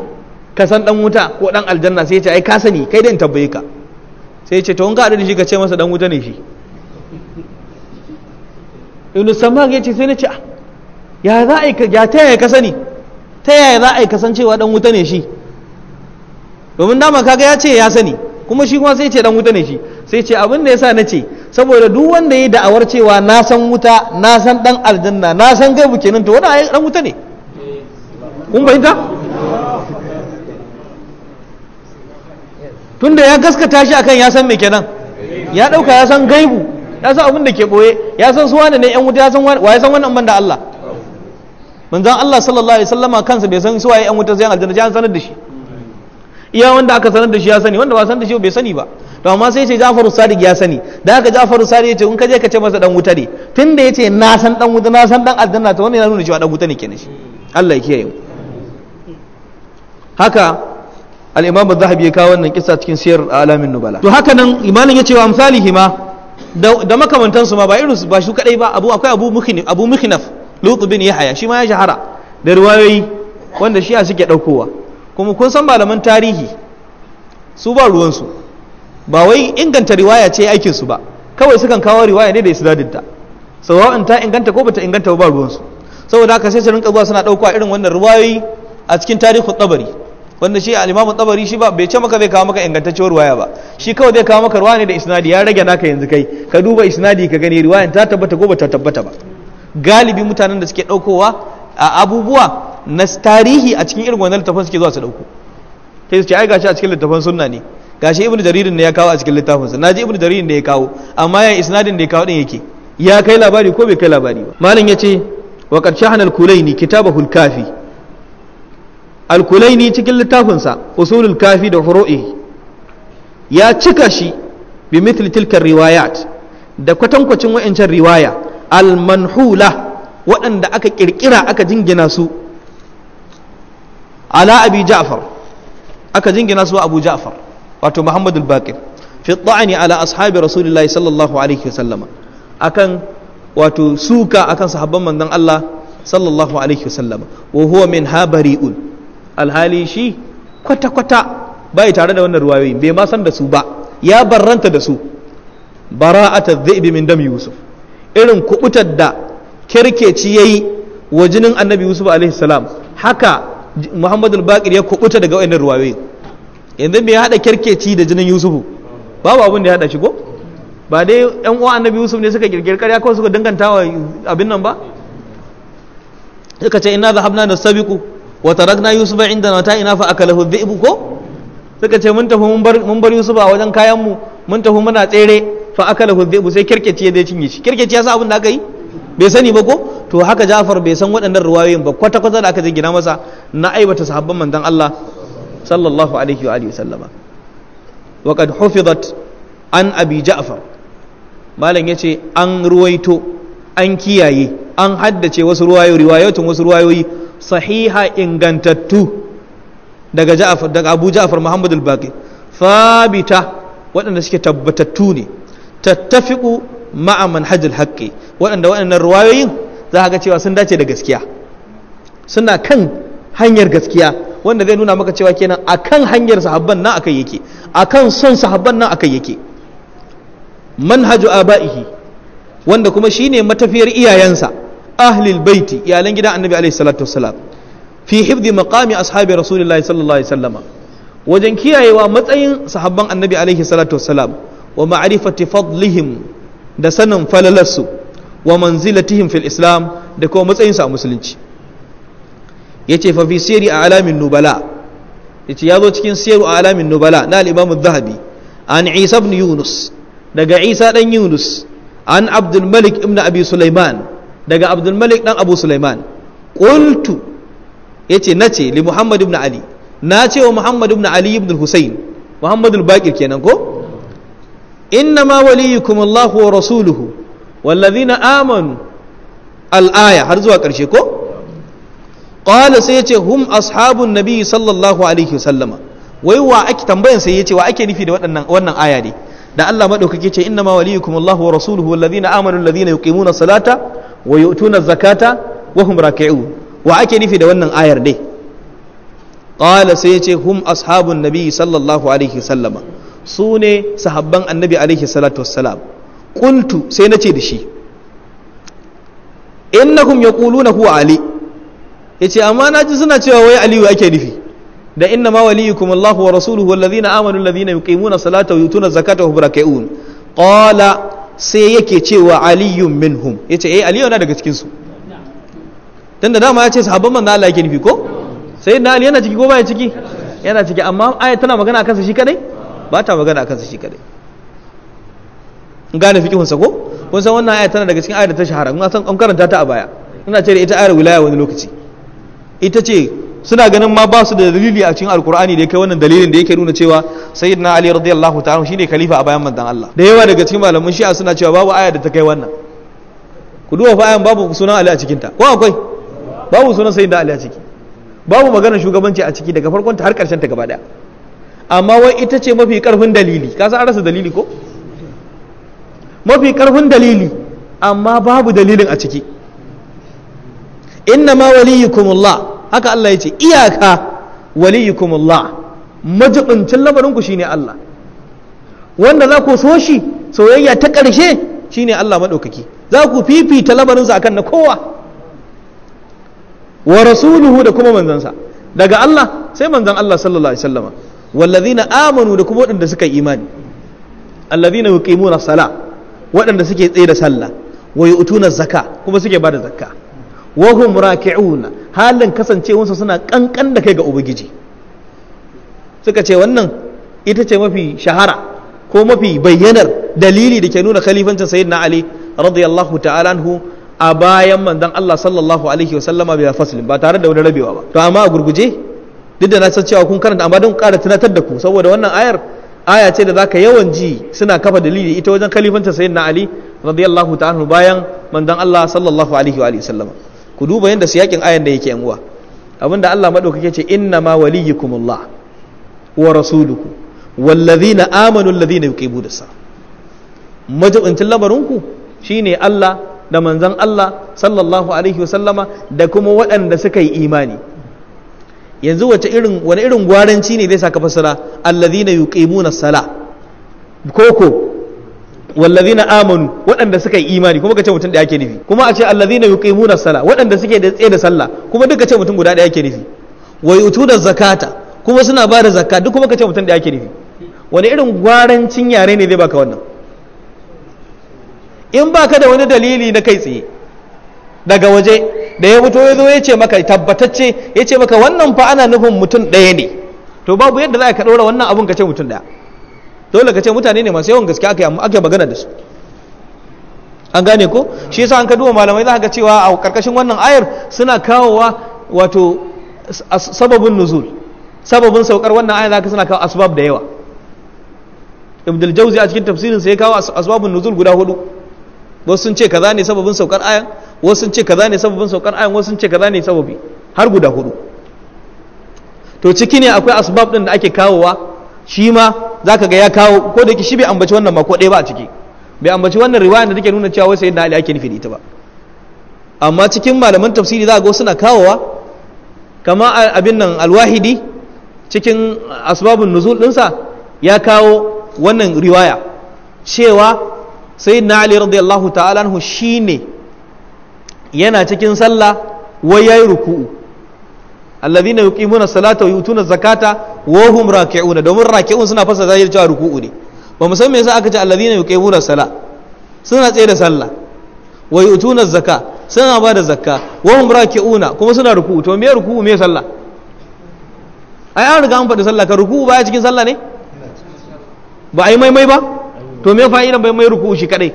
ka san dan wuta ko dan aljanna sai ya ce ai ka sani kai da in tambaye ka sai ce to in ka da shi ka ce masa dan wuta ne shi ibn sammak ya ce sai na ce ah, ya za a yi ya ta yaya ka sani ta yaya za a yi kasancewa dan wuta ne shi domin dama kaga ya ce ya sani kuma shi kuma sai ce dan wuta ne shi sai ce abin da yasa na ce saboda duk wanda ya da'awar cewa na san wuta na san dan aljanna na san gaibu kenan to wanda dan wuta ne kun fahimta tunda ya gaskata shi akan ya san me kenan ya dauka ya san gaibu ya san abin da ke boye ya san su wani ne yan wuta ya san wa ya san wannan banda Allah manzon Allah sallallahu alaihi wasallama kansa bai san su waye yan wuta zai aljanna ya sanar da shi iya wanda aka sanar da shi ya sani wanda ba san da shi bai sani ba to amma sai ce Jafaru Sadiq ya sani da haka Jafaru Sadiq yace in ka je ka ce masa dan wuta ne tunda yace na san dan wuta na san dan aljanna to wannan ya nuna cewa dan wuta ne kenan shi Allah ya kiyaye mu haka al-imam az-zahabi ya kawo wannan kisa cikin siyar alamin nubala to haka nan imanin ya ce wa amsalihi ma da makamantan su ma ba irin su ba shi kadai ba abu akwai abu mukhnif abu mukhnaf lut bin yahya shi ma ya shahara da riwayoyi wanda shi a suke daukowa kuma kun san malaman tarihi su ba ruwan su ba wai inganta riwaya ce aikin su ba kawai sukan kawo riwaya ne da isnadinta sawa'in ta inganta ko bata inganta ba ruwan su saboda haka sai su rinka zuwa suna dauko irin wannan riwayoyi a cikin tarihin tabari wanda shi al-imamu tabari shi ba bai ce maka zai kawo maka ingantacciyar ruwaya ba shi kawai zai kawo maka ruwaya ne da isnadi ya rage naka yanzu kai ka duba isnadi ka gani ruwayan ta tabbata ko bata tabbata ba galibi mutanen da suke daukowa a abubuwa na tarihi a cikin irin wannan littafin suke zuwa su dauko sai su ai gashi a cikin littafin sunna ne gashi ibnu jaririn ne ya kawo a cikin littafinsa naji ibnu jaririn da ya kawo amma ya isnadin da ya kawo din yake ya kai labari ko bai kai labari ba malam yace wa qad shahana al-kulaini kitabahu al-kafi alkulaini cikin littafinsa usulul kafi da furu'i ya cika shi bi mithli riwayat da kwatankwacin wa'ancan riwaya almanhula waɗanda aka ƙirƙira aka jingina su ala abi ja'far aka jingina su abu ja'far wato muhammad al-baqir fi ta'ani ala ashabi rasulillahi sallallahu alaihi wasallama akan wato suka akan sahabban manzon Allah sallallahu alaihi wasallama wa huwa min habari'ul alhali shi kwata-kwata bai tare da wannan ruwayoyi bai ma san da su ba ya barranta da su bara'ata dhibi min dami yusuf irin kubutar da kirkeci yayi wa jinin annabi yusuf alaihi salam haka muhammadu bakir ya kubuta daga wannan ruwayoyi yanzu bai hada kirkeci da jinin Yusuf? babu abin da ya hada shi ko ba dai yan uwa annabi yusuf ne suka kirkiri ya kawai suka danganta wa abin nan ba suka ce inna zahabna nasabiqu wa tarakna yusufa inda na ta ina fa akalahu dhi'bu ko suka ce mun tafi mun bar yusufa a wajen kayan mu mun tafi muna tsere fa aka akalahu dhi'bu sai kirkeci ya dai cinye shi kirkeci ya sa abin da aka yi bai sani ba ko to haka Ja'far bai san waɗannan ruwayoyin ba kwata kwata da aka je gina masa na aibata sahabban manzon Allah sallallahu alaihi wa alihi sallama wa qad hufidat an abi Ja'far malam yace an ruwaito an kiyaye an haddace wasu ruwayoyi riwayotin wasu ruwayoyi sahiha ingantattu daga Abuja abu ja'afar muhammadu al-baqi thabita waɗanda suke tabbatattu ne tattafiqu ma'a manhaj hakki. haqqi waɗanda waɗannan ruwayoyin za ga cewa sun dace da gaskiya suna kan hanyar gaskiya wanda zai nuna maka cewa kenan akan hanyar sahabban nan akai yake akan son sahabban nan akai yake manhaju aba'ihi wanda kuma shine matafiyar iyayensa ahlil baiti iyalan gidan annabi alayhi salatu wassalam fi hifdi maqami ashabi rasulillahi sallallahu alaihi wasallam wajen kiyayewa matsayin sahabban annabi alayhi salatu wassalam wa ma'rifati fadlihim da sanin falalarsu wa manzilatihim fil islam da kuma su a musulunci yace fa fi siri a alamin nubala yace ya zo cikin siru a alamin nubala na al-imam zahabi an isa ibn yunus daga isa dan yunus an abdul malik ibn abi sulaiman daga abdulmalik dan abu sulaiman qultu yace ce li Muhammadu ibn ali na ce wa Muhammadu ibn ali ibn husayn muhammad al kenan ko inna ma waliyukum allah wa rasuluhu wallazina amanu al-aya har zuwa ƙarshe ko qala sai yace hum ashabun nabi sallallahu alaihi wasallama wai wa ake tambayan sai yace wa ake nufi da wannan aya ne da Allah madaukake ce inna ma waliyukum allah wa rasuluhu wallazina amanu allazina yuqimuna salata wa yu'tuna zakata wa hum raki'un wa ake nufi da wannan ayar dai qala sai ya ce hum ashabun nabi sallallahu alaihi wasallama su ne sahabban annabi alaihi salatu wassalam qultu sai nace da shi innahum yaquluna huwa ali yace amma naji suna cewa wai aliyu ake nufi da inna ma waliyukum Allah wa rasuluhu wallazina amanu allazina yuqimuna salata wa yutuna zakata wa hum raki'un qala sai yake cewa aliyun minhum yace eh aliyu na daga cikin su dan da dama yace sahabban manzo Allah yake nufi ko sai na ali yana ciki ko baya ciki yana ciki amma aya tana magana akan sa shi kadai ba ta magana akan sa shi kadai in gane fikihun sa ko kun san wannan aya tana daga cikin aya da ta shahara kun san an karanta ta a baya ina ce da ita ayar wilaya wani lokaci ita ce suna ganin ma ba su da dalili a cikin alkur'ani da kai wannan dalilin da yake nuna cewa sayyidina ali radiyallahu ta'ala shine khalifa a bayan manzon Allah da yawa daga cikin malamin shi'a suna cewa babu aya da ta kai wannan ku duba fa ayan babu sunan ali a cikin ta ko akwai babu sunan sayyidina ali a ciki babu maganar shugabanci a ciki daga farkon ta har karshen ta gaba daya amma wai ita ce mafi karfin dalili ka san an rasa dalili ko mafi karfin dalili amma babu dalilin a ciki inna ma waliyukumullah haka Allah ya ce iyaka waliyukumullah majibincin lamarinku shine Allah wanda za ku so shi soyayya ta ƙarshe shine Allah maɗaukaki za ku fifita lamarinsa akan na kowa wa rasuluhu da kuma manzansa daga Allah sai manzan Allah sallallahu alaihi wasallama wallazina amanu da kuma waɗanda suka yi imani allazina yuqimuna sala waɗanda suke tsaye da sallah wa yu'tuna zakka kuma suke bada zakka wahum hum raki'un halin kasancewansu suna kankan da kai ga ubangiji suka ce wannan ita ce mafi shahara ko mafi bayyanar dalili da ke nuna khalifancin sayyidina ali radiyallahu ta'ala anhu a bayan manzon Allah sallallahu alaihi wa sallama bi faslin ba tare da wani rabewa ba to amma a gurguje duk da na san cewa kun karanta amma don ƙara tunatar da ku saboda wannan ayar aya ce da zaka yawan ji suna kafa dalili ita wajen khalifancin sayyidina ali radiyallahu ta'ala bayan manzon Allah sallallahu alaihi wa sallama ku duba yadda siyakin ayan da yake yan'uwa abinda Allah maɗaukake ce inna ma waliyukumullah wa rasuluhu wallazina amanu allazina yuqimuna as lamarin ku shine Allah da manzon Allah sallallahu alaihi wasallama da kuma waɗanda suka yi imani yanzu wace irin wani irin gwaranci ne zai saka fasara allazina yuqimuna as-sala koko wallazina amanu waɗanda suka yi imani kuma kace mutum da yake nufi kuma a ce allazina yuqimuna sala waɗanda suke da tsaye da sallah kuma duka ce mutum guda da yake nufi wa yutuna zakata kuma suna ba da zakka duk kuma kace mutum da yake nufi wani irin gwarancin yare ne zai baka wannan in baka da wani dalili na kai tsaye daga waje da ya fito ya zo ya ce maka tabbatacce ya ce maka wannan fa ana nufin mutum ɗaya ne to babu yadda za ka ɗora wannan abun ka ce mutum ɗaya dole ka ce mutane ne masu yawan gaske aka yi magana da su an gane ko shi yasa an ka duba malamai za ka cewa a karkashin wannan ayar suna kawowa wato sababin nuzul sababin saukar wannan ayar za ka suna kawo asbab da yawa ibn al-jawzi a cikin tafsirin sai ya kawo asbabun nuzul guda hudu wasu sun ce kaza ne sababin saukar ayar wasu sun ce kaza ne sababin saukar ayar wasu sun ce kaza ne sababi har guda hudu to ciki ne akwai asbab din da ake kawowa shi ma zaka ga ya kawo ko da shi bai ambaci wannan mako ko ɗaya ba a ciki bai ambaci wannan riwaya da take nuna cewa wai sayyidina ali ake nufi da ita ba amma cikin malaman tafsiri za ga suna kawowa kama abin nan alwahidi cikin asbabun nuzul dinsa ya kawo wannan riwaya cewa sayyidina ali radiyallahu ta'ala anhu ne yana cikin sallah wai yayi ruku'u alladhina yuqimuna salata wa yutuna zakata wa hum raki'una domin raki'un suna fasa zahir cewa ruku'u ne ba mu san me yasa aka ce alladhina yuqimuna sala suna tsaye da sallah wa yutuna zakka suna ba da zakka wa hum raki'una kuma suna ruku'u to me ruku'u me sallah ai an riga an faɗi sallah ka ruku'u baya cikin sallah ne ba ai maimai ba to me fa'idan bai mai ruku'u shi kadai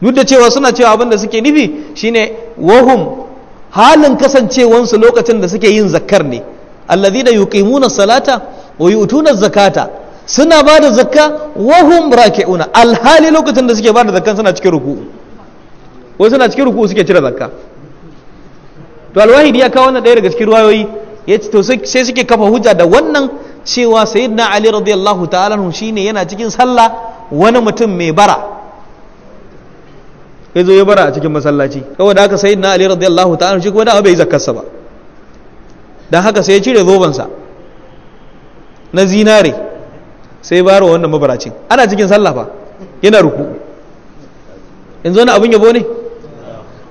duk da cewa suna cewa abin da suke nufi shine wahum halin kasancewansu lokacin da suke yin zakkar ne da yuqimuna salata wa yu'tuna zakata suna ba da zakka wa hum raki'una alhali lokacin da suke ba da zakkan suna cikin ruku'u wai suna cikin ruku'u suke cire zakka to alwahidi ya kawo wannan daya daga cikin ruwayoyi yaci to sai suke kafa hujja da wannan cewa sayyidina ali radiyallahu ta'ala shine yana cikin sallah wani mutum mai bara kai zo ya bara a cikin masallaci kawai da haka sai na ali radiyallahu ta'ala shi kuma da bai zakarsa ba dan haka sai ya cire zobansa na zinare sai wa wannan mabaracin ana cikin sallah fa yana ruku yanzu na abin yabo ne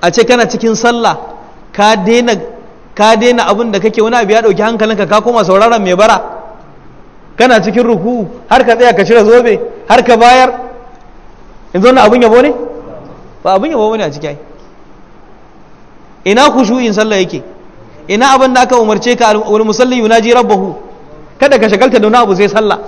a ce kana cikin sallah ka daina ka daina abin da kake wani abu ya dauki hankalinka ka koma sauraron mai bara kana cikin ruku har ka tsaya ka cire zobe har ka bayar yanzu na abin yabo ne ba abin yabo bane a ciki ina khushu'in sallah yake ina abin da aka umarce ka wal musalli yunaji rabbahu kada ka shagalta da wani abu sai sallah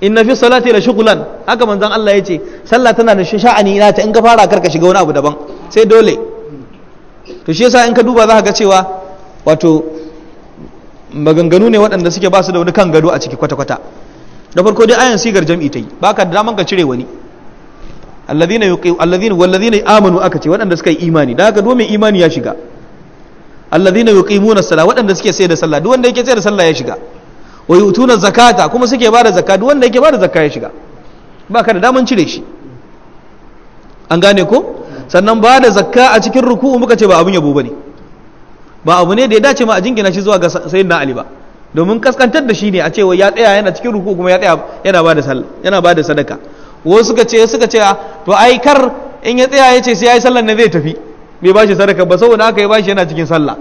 inna fi salati la shughlan haka manzon Allah yace sallah tana da sha'ani ina ta in ka fara karka shiga wani abu daban sai dole to shi yasa in ka duba zaka ka ga cewa wato maganganu ne waɗanda suke ba su da wani kan gado a ciki kwata-kwata da farko dai ayan sigar jam'i ta yi ba ka da daman ka cire wani alladhina yuqi alladhina walladhina amanu aka ce waɗanda suka yi imani da haka domin imani ya shiga alladhina yuqimuna sala waɗanda suke sai da sallah duk wanda yake sai da sallah ya shiga wa yutuna zakata kuma suke da zakka duk wanda yake da zakka ya shiga ba ka da daman cire shi an gane ko sannan ba da zakka a cikin ruku'u muka ce ba abun yabo bane ba abu ne da ya dace ma a jingina shi zuwa ga sayyidina ali ba domin kaskantar da shi ne a cewa ya tsaya yana cikin ruku kuma ya tsaya yana ba sallah yana sadaka wasu suka ce suka ce to ai kar in ya tsaya ya ce sai yayi sallar ne zai tafi bai bashi sadaka ba saboda aka yi bashi yana cikin sallah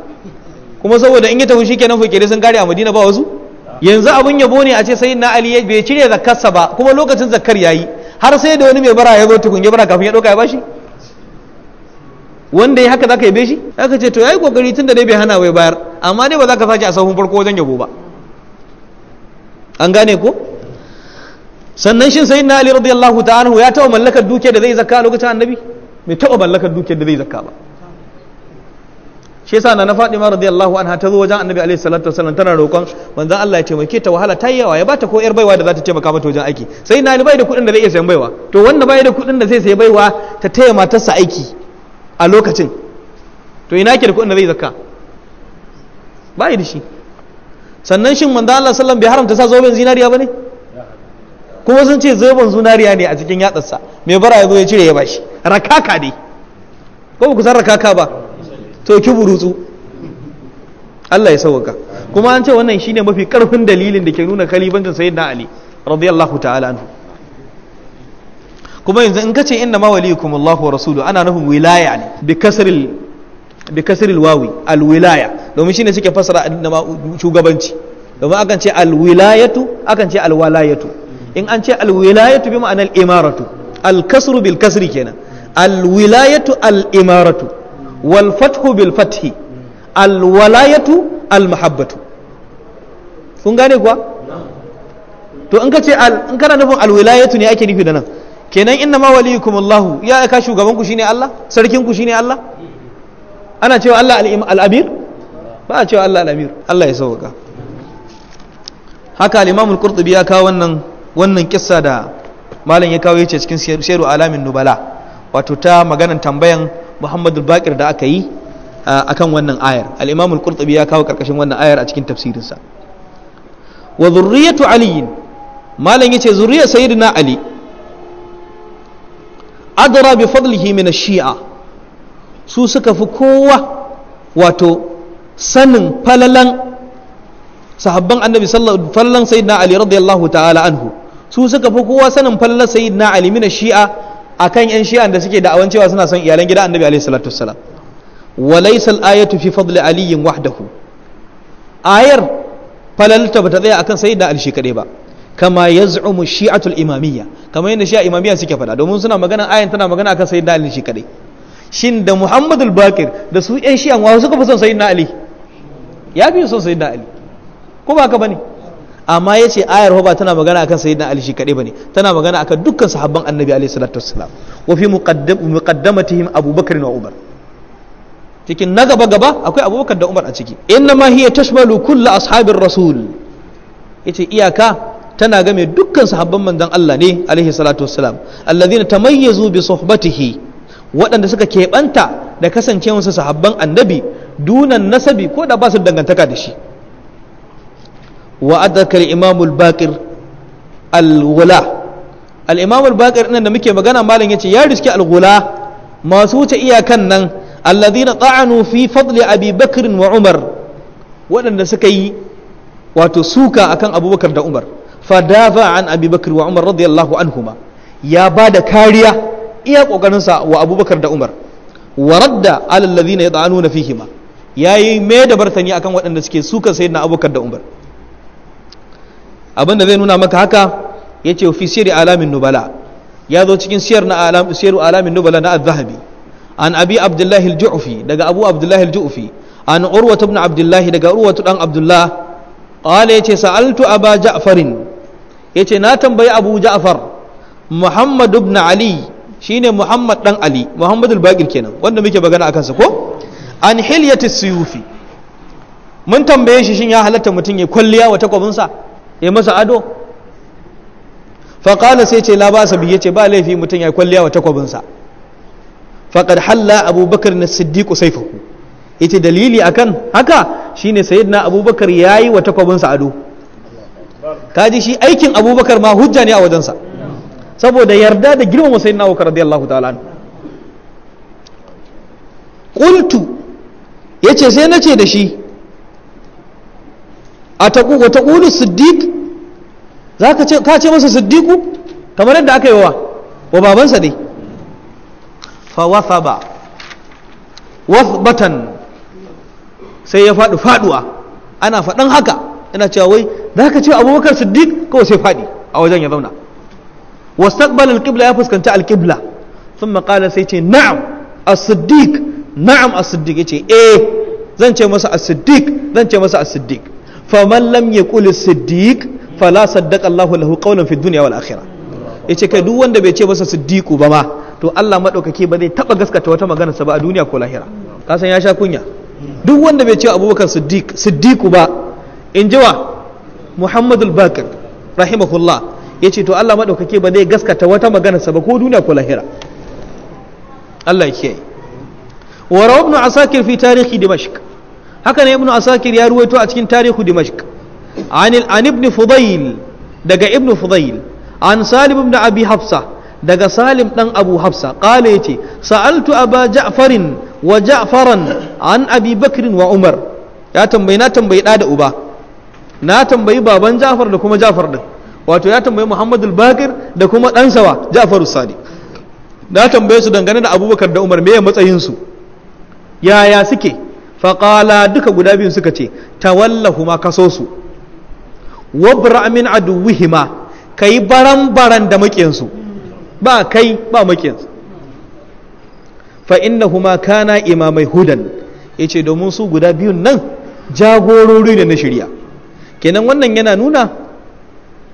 kuma saboda in ya tafi shikenan fakiri sun kare a Madina ba wasu yanzu abun yabo ne a ce sai na Ali bai cire zakarsa ba kuma lokacin zakar yayi har sai da wani mai bara ya zo tukun ya bara kafin ya dauka ya bashi wanda ya haka zaka be shi zaka ce to yayi kokari tunda dai bai hana bai bayar amma dai ba za ka sake a sahun farko wajen yabo ba an gane ko sannan shin sayyidina ali radiyallahu ta'ala ya taba mallakar dukiyar da zai zakka a lokacin annabi Mai taba mallakar dukiyar da zai zakka ba shi yasa na Fatima radiyallahu anha ta zo wajen Annabi alaihi salatu wasallam tana roƙon manzon Allah ya taimake ta wahala ta yawa ya bata ko yar baiwa da za ta taimaka mata wajen aiki sai na bai da kuɗin da zai iya sayan baiwa to wanda bai da kuɗin da zai sayi baiwa ta taya matarsa aiki a lokacin to ina ke da kuɗin da zai zakka bai da shi sannan shin manzon Allah sallallahu alaihi wasallam bai haramta sa zoben zinariya ne kuma sun ce zoben zunariya ne a cikin yatsarsa mai bara ya zo ya cire ya bashi rakaka ne ko ku san rakaka ba to ki burutsu Allah ya sauka kuma an ce wannan shine mafi karfin dalilin da ke nuna kalibancin sayyidina Ali radiyallahu ta'ala anhu kuma yanzu in kace inna ma waliyukum Allahu wa rasuluhu ana nufin wilaya ne bi kasril bi kasril wawi al wilaya domin shine suke fasara inna ma shugabanci domin akan ce al wilayatu akan ce al walayatu in an ce alwilayatu bi ma'anar imaratu alkasru bil kasri kenan alwilayatu al'imaratu wal fathu bil fathi alwalayatu almahabbatu kun gane kuwa to in ka ce in kana nufin alwilayatu ne ake nufi da nan kenan inna ma waliyukum Allah ya aika shugaban ku shine Allah sarkin ku shine Allah ana cewa Allah al-amir ba a cewa Allah al-amir Allah ya sauka haka al-imam al-qurtubi ya kawo wannan wannan kissa da malam ya kawo yace cikin sayru alamin nubala wato ta maganan tambayan muhammadul Baƙir da aka yi akan wannan ayar al-imam al-qurtubi ya kawo karkashin wannan ayar a cikin tafsirinsa wa zurriyatu aliyin malam yace zuriyar sayyidina ali adra bi fadlihi min ash-shi'a su suka fi kowa wato sanin falalan sahabban annabi sallallahu falalan sayyidina ali radiyallahu ta'ala anhu su suka fi kowa sanin fallar na ali min shi'a kan yan shi'a da suke da'awan cewa suna son iyalan gida annabi alaihi salatu wassalam wa laysa al-ayatu fi fadli ali wahdahu ayar falalta bata tsaya akan sayid na shi kadai ba kama yaz'umu shi'atul imamiyya kama yadda shi'a imamiyya suke faɗa domin suna magana ayan tana magana akan sayid na shi kadai shin da muhammadul bakir da su yan shi'a wa suka fi son sayid na ali ya fi son sayid na ali ko ba ka bane amma ya ce ayar hoba tana magana akan sayyidina ali shi kaɗai bane tana magana akan dukkan sahabban annabi alaihi salatu wassalam wa fi muqaddamatihim abubakar wa umar cikin na gaba gaba akwai abubakar da umar a ciki inna ma hiya tashmalu kullu ashabir rasul yace iyaka tana game dukkan sahabban manzon Allah ne alaihi salatu wassalam alladhina tamayyazu bi suhbatihi waɗanda suka keɓanta da kasancewarsa sahabban annabi dunan nasabi ko da ba su dangantaka da shi وأدرك الإمام الباقر الغلا الإمام الباقر إن نمك مغانا مالين يتي يارسك الغلا ما سوت إيا كنن الذين طعنوا في فضل أبي بكر وعمر وأن سكي وتسوكا أكن أبو بكر دا عمر فدافع عن أبي بكر وعمر رضي الله عنهما يا بعد كاريا إيا قوغنسا وأبو بكر دا عمر ورد على الذين يطعنون فيهما يا ميد برتني أكن وأن سكي سوكا سيدنا أبو بكر دا عمر abinda zai nuna maka haka yace fi sirri alamin nubala ya zo cikin siyar na alamin nubala na zahabi an abi Abdullahi al-ju'fi daga abu Abdullahi al-ju'fi an urwa ibn daga urwatu dan abdullah qala yace sa'altu aba ja'farin yace na tambayi abu ja'far muhammad ibn ali shine muhammad dan ali muhammad al-baqir kenan wanda muke magana akan sa ko an hilyati suyufi mun tambaye shi shin ya halatta mutum ya kwalliya wa takwabinsa ya masa ado faƙala sai ce la biyu ya ce ba laifi mutum ya kwalliya wa takwabinsa faƙad halla abubakar na siddiƙu saifahu ita dalili akan haka shi shine sayyidina abubakar ya yi wa takwabinsa ado kaji shi aikin abubakar ma hujja ne a wajensa saboda yarda da girmama wakar abubakar radiyallahu ta'ala ya ce sai na ce da shi a ta ƙulu siddiq za ka ce masa siddiqu kamar yadda aka yi wa wa babansa ne fawathaba wathbatan sai ya faɗi faɗuwa ana faɗin haka yana cewa wai za ka ce abubakar siddiq kawai sai faɗi a wajen ya zauna واستقبل القبلة يا فسكنت القبلة ثم قال سيتي نعم Eh zan ce masa ايه زنتي zan ce masa مسا الصديق faman lam yaqul siddiq fala saddaqa Allahu lahu qawlan fid dunya wal akhirah yace kai duk wanda bai ce masa siddiqu ba ma to Allah madaukake ba zai taba gaskata wata magana sa ba a duniya ko lahira ka san ya sha kunya duk wanda bai ce Abubakar Siddiq siddiqu ba in ji jiwa Muhammadul Baqir rahimahullah yace to Allah madaukake ba zai gaskata wata magana sa ba ko duniya ko lahira Allah ya kiyaye wa rawu ibn asakir fi tarihi dimashq haka ne ibnu asakir ya ruwaito a cikin tarihu dimashq anil an ibn fudail daga ibn fudail an salim ibn abi hafsa daga salim dan abu hafsa qala yace sa'altu aba ja'farin wa ja'faran an abi bakrin wa umar ya tambayi na tambayi da uba na tambayi baban ja'far da kuma ja'far din wato ya tambayi al bakir da kuma ɗansa wa ja'faru sadiq na tambaye su dangane da abubakar da umar me matsayin su yaya suke faƙala duka guda biyun suka ce kuma kaso su wabra min aduwihima ka yi baran-baran da maƙiyansu ba kai ba maƙiyansu fa innahuma kana imamai hudan ya ce domin su guda biyun nan jagorori ne na shirya kenan wannan yana nuna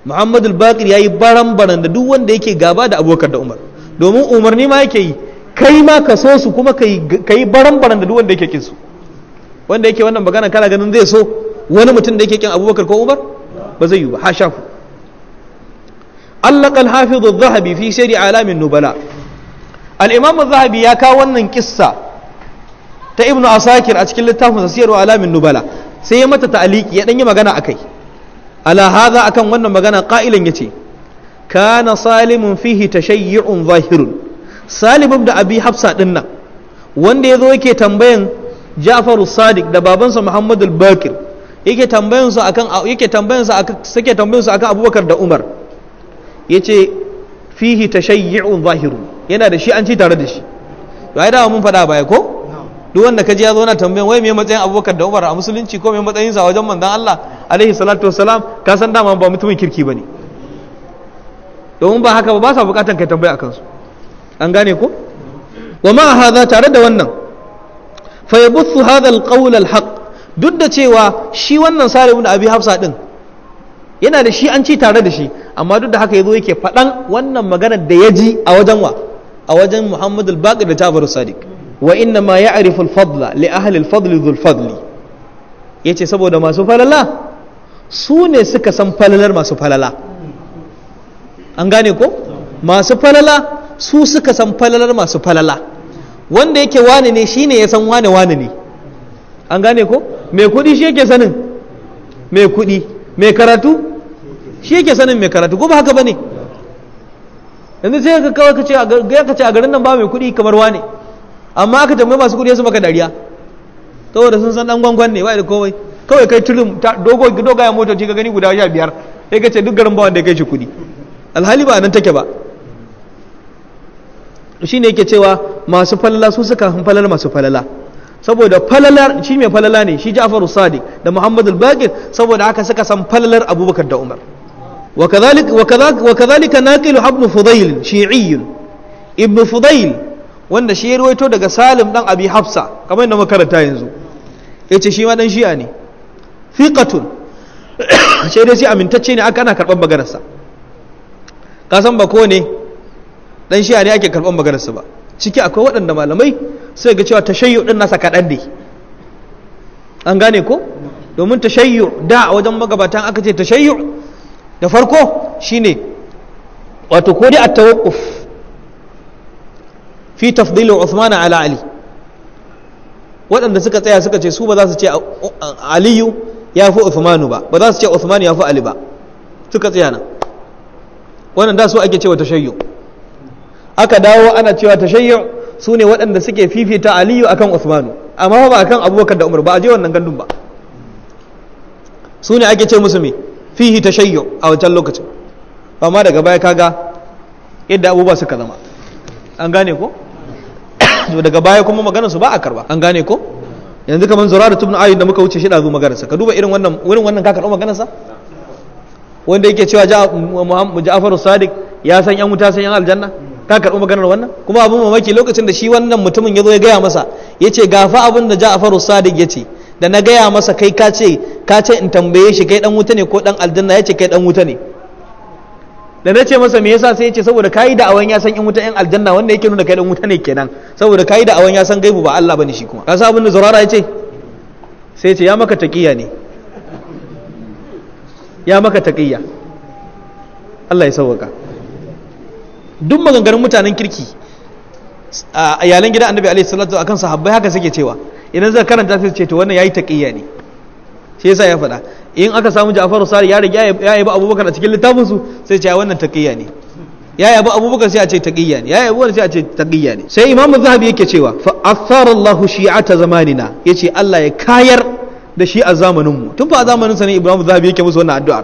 muhammadu bakir ya yi baran-baran da duk wanda yake gaba da abokan da umar domin umarni ma yake yi kai ma ka so su kuma ka yi baran-baran da duk wanda yake kinsu wanda yake wannan magana kana ganin zai so wani mutum da yake kin abubakar ko umar ba zai yi ba hasha ku allaka al-hafiz fi sirri alamin nubala al-imam ya kawo wannan kissa ta ibnu asakir a cikin littafin sirru alamin nubala sai ya mata ta'aliki ya dan yi magana akai ala hadha akan wannan magana qailan yace kana salimun fihi tashayyu'un zahirun salim ibn abi hafsa dinnan wanda yazo yake tambayan Ja'far Sadiq da babansa Muhammad al-Bakir yake tambayan su akan yake tambayan su akan suke tambayan su akan Abubakar da Umar yace fihi tashayyu'un zahiru yana da shi an ci tare da shi to ai da mun faɗa baya ko duk wanda kaji ya zo na tambayan wai me matsayin Abubakar da Umar a musulunci ko me matsayin sa wajen manzon Allah alaihi salatu wassalam ka san dama ba mutumin kirki bane domin ba haka ba ba sa bukatan kai tambaya akan su an gane ko wa ma hadha tare da wannan fa yabuthu hadha alqawl alhaq duk da cewa shi wannan sare ibn abi hafsa ɗin, yana da shi an ci tare da shi amma duk da haka zo yake faɗan wannan magana da ya ji a wajen wa a wajen Muhammadu al-Baqir da Ja'far sadiq wa inna ma ya al-fadla li ahli al dhul fadli yace saboda masu falala su ne suka san falalar masu falala an gane ko masu falala su suka san falalar masu falala wanda yake wane ne shine ya san wane wane ne an gane ko mai kuɗi shi yake sanin mai kuɗi mai karatu shi yake sanin mai karatu ko ba haka bane yanzu sai ka kawai ka ce ka ce a garin nan ba mai kuɗi kamar wane amma aka tambayi masu kuɗi su maka dariya saboda sun san dan gwangwan ne bai da komai kawai kai tulum dogo dogaya motoci ka gani guda sha biyar sai ka ce duk garin ba wanda ya kai shi kuɗi alhali ba nan take ba shine yake cewa masu falala su suka hun masu falala saboda falalar shi mai falala ne shi Ja'faru Sadiq da Muhammad al-Baqir saboda haka saka san falalar Abubakar da Umar wa kadhalika wa kadhalika wa kadhalika naqilu ibn Fudayl wanda shi ya ruwaito daga Salim ɗan Abi Hafsa kamar yadda makaranta yanzu yace shi ma dan shi'a ne thiqatun sai dai shi amintacce ne aka ana karban maganarsa ka san ba ko ne dan shi'a ne ake karban maganarsa ba ciki akwai waɗanda malamai sai ga cewa tashayyu din nasa kaɗan ne an gane ko domin tashayyu da a wajen magabatan aka ce tashayyu da farko shine wato ko dai at-tawaqquf fi tafdil Uthman ala Ali waɗanda suka tsaya suka ce su ba za su ce Aliyu ya fi Uthman ba ba za su ce Uthman ya fi Ali ba suka tsaya nan wannan da su ake cewa tashayyu aka dawo ana cewa tashayyu su ne waɗanda suke fifita aliyu akan usmanu amma ba akan abubakar da umar ba a je wannan gandun ba su ne ake ce musu me fihi tashayyu a wancan lokacin amma daga baya kaga yadda abubuwa suka zama an gane ko daga baya kuma maganar su ba a karba an gane ko yanzu kamar da tubnu ayyun da muka wuce shi dazu maganar sa ka duba irin wannan irin wannan ka karɓa maganar sa wanda yake cewa Ja'far Sadiq ya san yan wuta san yan aljanna ka karɓi maganar wannan kuma abin mamaki lokacin da shi wannan mutumin ya zo ya gaya masa ya ce gafa abin da ja'afaru sadiq ya ce da na gaya masa kai ka ce ka ce in tambaye shi kai dan wuta ne ko dan aljanna ya ce kai dan wuta ne da na ce masa me yasa sai ya ce saboda kayi da awan ya san in wuta in aljanna wanda yake nuna kai dan wuta ne kenan saboda kayi da awan ya san gaibu ba Allah bane shi kuma ka san abin da zurara ya ce sai ya ce ya maka taqiya ne ya maka taqiya Allah ya sauka duk maganganun mutanen kirki a iyalan gidan annabi alaihi salatu akan sahabbai haka suke cewa idan zaka karanta sai ce to wannan yayi taqiyya ne shi yasa ya faɗa in aka samu Ja'faru Sari ya riga ya yi ba Abubakar a cikin littafin su sai ce wannan taqiyya ne ya ba Abubakar sai a ce taqiyya ne ya yabi wannan sai a ce taqiyya ne sai Imam Zahabi yake cewa fa athara Allahu shi'ata zamanina yace Allah ya kayar da shi a zamanin mu tun fa a zamanin sa ne Ibrahim Zahabi yake musu wannan addu'ar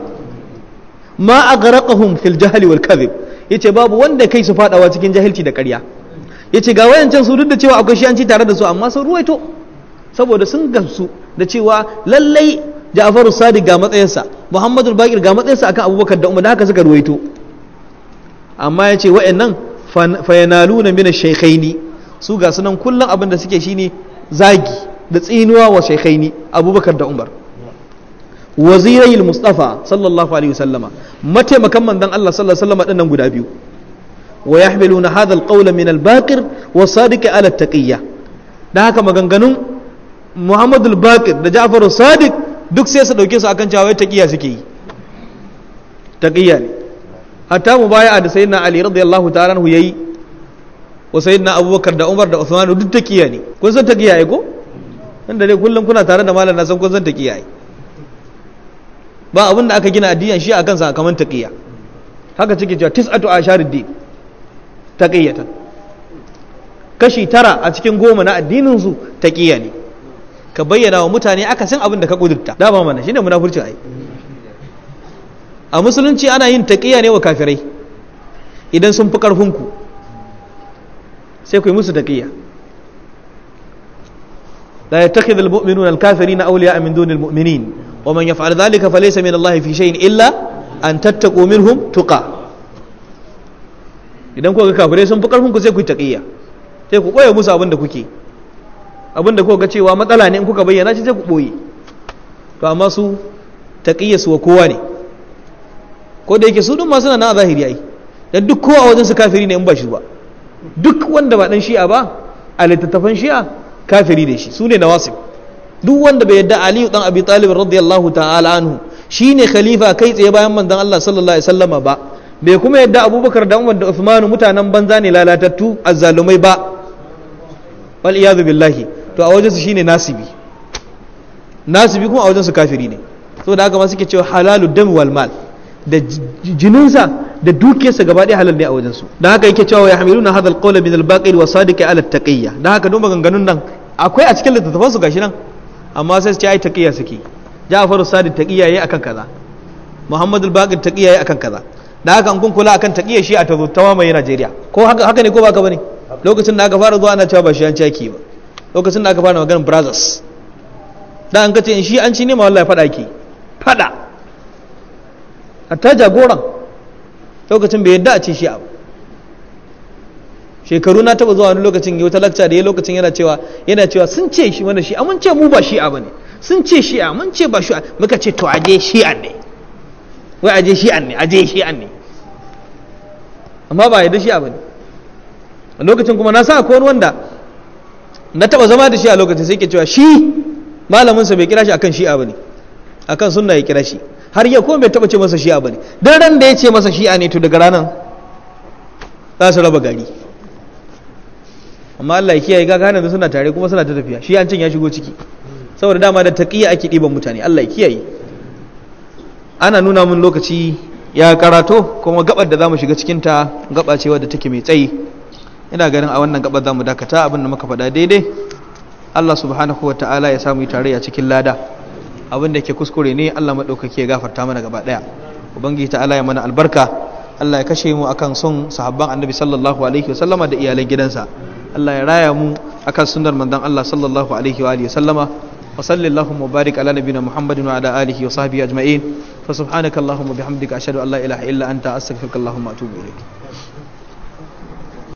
ma aghraqahum fil jahli wal kadhib ya ce babu wanda kai su fadawa cikin jahilci da ƙarya ce ga wayancan su duk da cewa akwai shiyanci tare da su amma sun ruwaito saboda sun gamsu da cewa lallai Ja'faru Sadiq ga matsayinsa Muhammadu Bakir ga matsayinsa akan Abubakar da Umar da haka suka ruwaito amma ya yace wayannan fayanalu na mina shaikhaini su ga sunan kullum abin da suke ne zagi da tsinuwa wa shaikhaini Abubakar da Umar wazirai Mustafa sallallahu alaihi wasallama mataimakan manzon Allah sallallahu alaihi wasallam dinnan guda biyu wa yahmiluna hadha alqawla min albaqir wa sadiq ala taqiyya dan haka maganganun Muhammad al-Baqir da Ja'far sadiq duk sai su dauke su akan cewa taqiyya suke yi taqiyya ne hatta mubaya'a da sayyidina Ali radiyallahu ta'ala anhu yayi wa sayyidina Abubakar da Umar da Uthman duk taqiyya ne kun san taqiyya ai ko inda dai kullum kuna tare da malam na san kun san taqiyya ai ba abin da aka gina addinin shi a akan sakamakon taqiyya haka cike cewa tis'atu asharid din taqiyatan kashi tara a cikin goma na addinin su taqiyya ne ka bayyana wa mutane aka san abin da ka kudurta ba mana shine munafurci ai a musulunci ana yin taqiyya ne wa kafirai idan sun fi karfin ku sai ku yi musu taqiyya لا يتخذ المؤمنون الكافرين أولياء من دون المؤمنين ومن يفعل ذلك فليس من الله في شيء إلا أن تتقوا منهم تقى idan kuka ga kafirai sun fi karfin ku sai ku taqiya sai ku koya musu abin da kuke abin da kuka cewa matsala ne in kuka bayyana shi sai ku boye to amma su taqiya su wa kowa ne ko da yake su dun ma suna na zahiri ai dan duk kowa a wajen su kafiri ne in ba shi ba duk wanda ba dan shi'a ba a littattafan shi'a kafiri da shi sune nawasib duk wanda bai yadda aliyu dan abi talib radiyallahu ta'ala anhu shine khalifa kai tsaye bayan manzon Allah sallallahu alaihi wasallama ba bai kuma yadda abubakar da umar da Usman mutanen banza ne lalatattu azzalumai ba wal iyazu billahi to a wajensu shine nasibi nasibi kuma a wajensu kafiri ne saboda haka ma suke cewa halalu dam wal mal da jininsa da dukiyarsa gaba ɗaya halal ne a wajensu don haka yake cewa ya hamilu na hadal qawla min al baqir wa sadiqi ala taqiyya don haka don maganganun nan akwai a cikin littattafan su gashi nan amma sai su ce ai taqiya suke Ja'far Sadiq taqiya yayi akan kaza Muhammad al-Baqir taqiya yayi akan kaza da haka an kun kula akan taqiya shi a tazo tawamaye Najeriya ko haka haka ne ko baka bane lokacin da aka fara zuwa ana cewa ba shi an caki ba lokacin da aka fara maganar brothers da an kace in shi an ci ne ma wallahi fada ki fada ta jagoran lokacin bai yadda a ce shi abu shekaru na taba zuwa wani lokacin yau ta lakca da ya lokacin yana cewa yana cewa sun ce shi mana shi mun ce mu ba shi'a bane sun ce shi'a mun ce ba shi'a muka ce to aje shi'a ne wai aje shi'a ne aje shi'a ne amma ba yadda shi'a ne a lokacin kuma na sa akwai wani wanda na taba zama da shi a lokacin sai ke cewa shi malamin sa bai kira shi akan shi'a bane akan sunna ya kira shi har yau kuma bai taba ce masa shi'a bane dan ran da ya ce masa shi'a ne to daga ranan za su raba gari amma Allah ya kiyaye ga yanzu suna tare kuma suna ta tafiya shi an cin ya shigo ciki saboda dama da taqiya ake diban mutane Allah ya kiyaye ana nuna mun lokaci ya karato kuma gabar da zamu shiga cikin ta gaba ce wadda take mai tsayi ina ganin a wannan gabar zamu dakata abin da muka faɗa daidai Allah subhanahu wataala ya samu tare a cikin lada abin da ke kuskure ne Allah madaukake ya gafarta mana gaba daya ubangiji ta'ala ya mana albarka Allah ya kashe mu akan son sahabban annabi sallallahu alaihi wasallama da iyalan gidansa Allah ya raya mu akan sunnar manzon Allah sallallahu alaihi wa alihi sallama wa sallallahu mubarik ala nabiyina Muhammadin wa ala alihi wa sahbihi ajma'in fa subhanakallahumma bihamdika ashhadu an la ilaha illa anta astaghfiruka wa atubu ilayk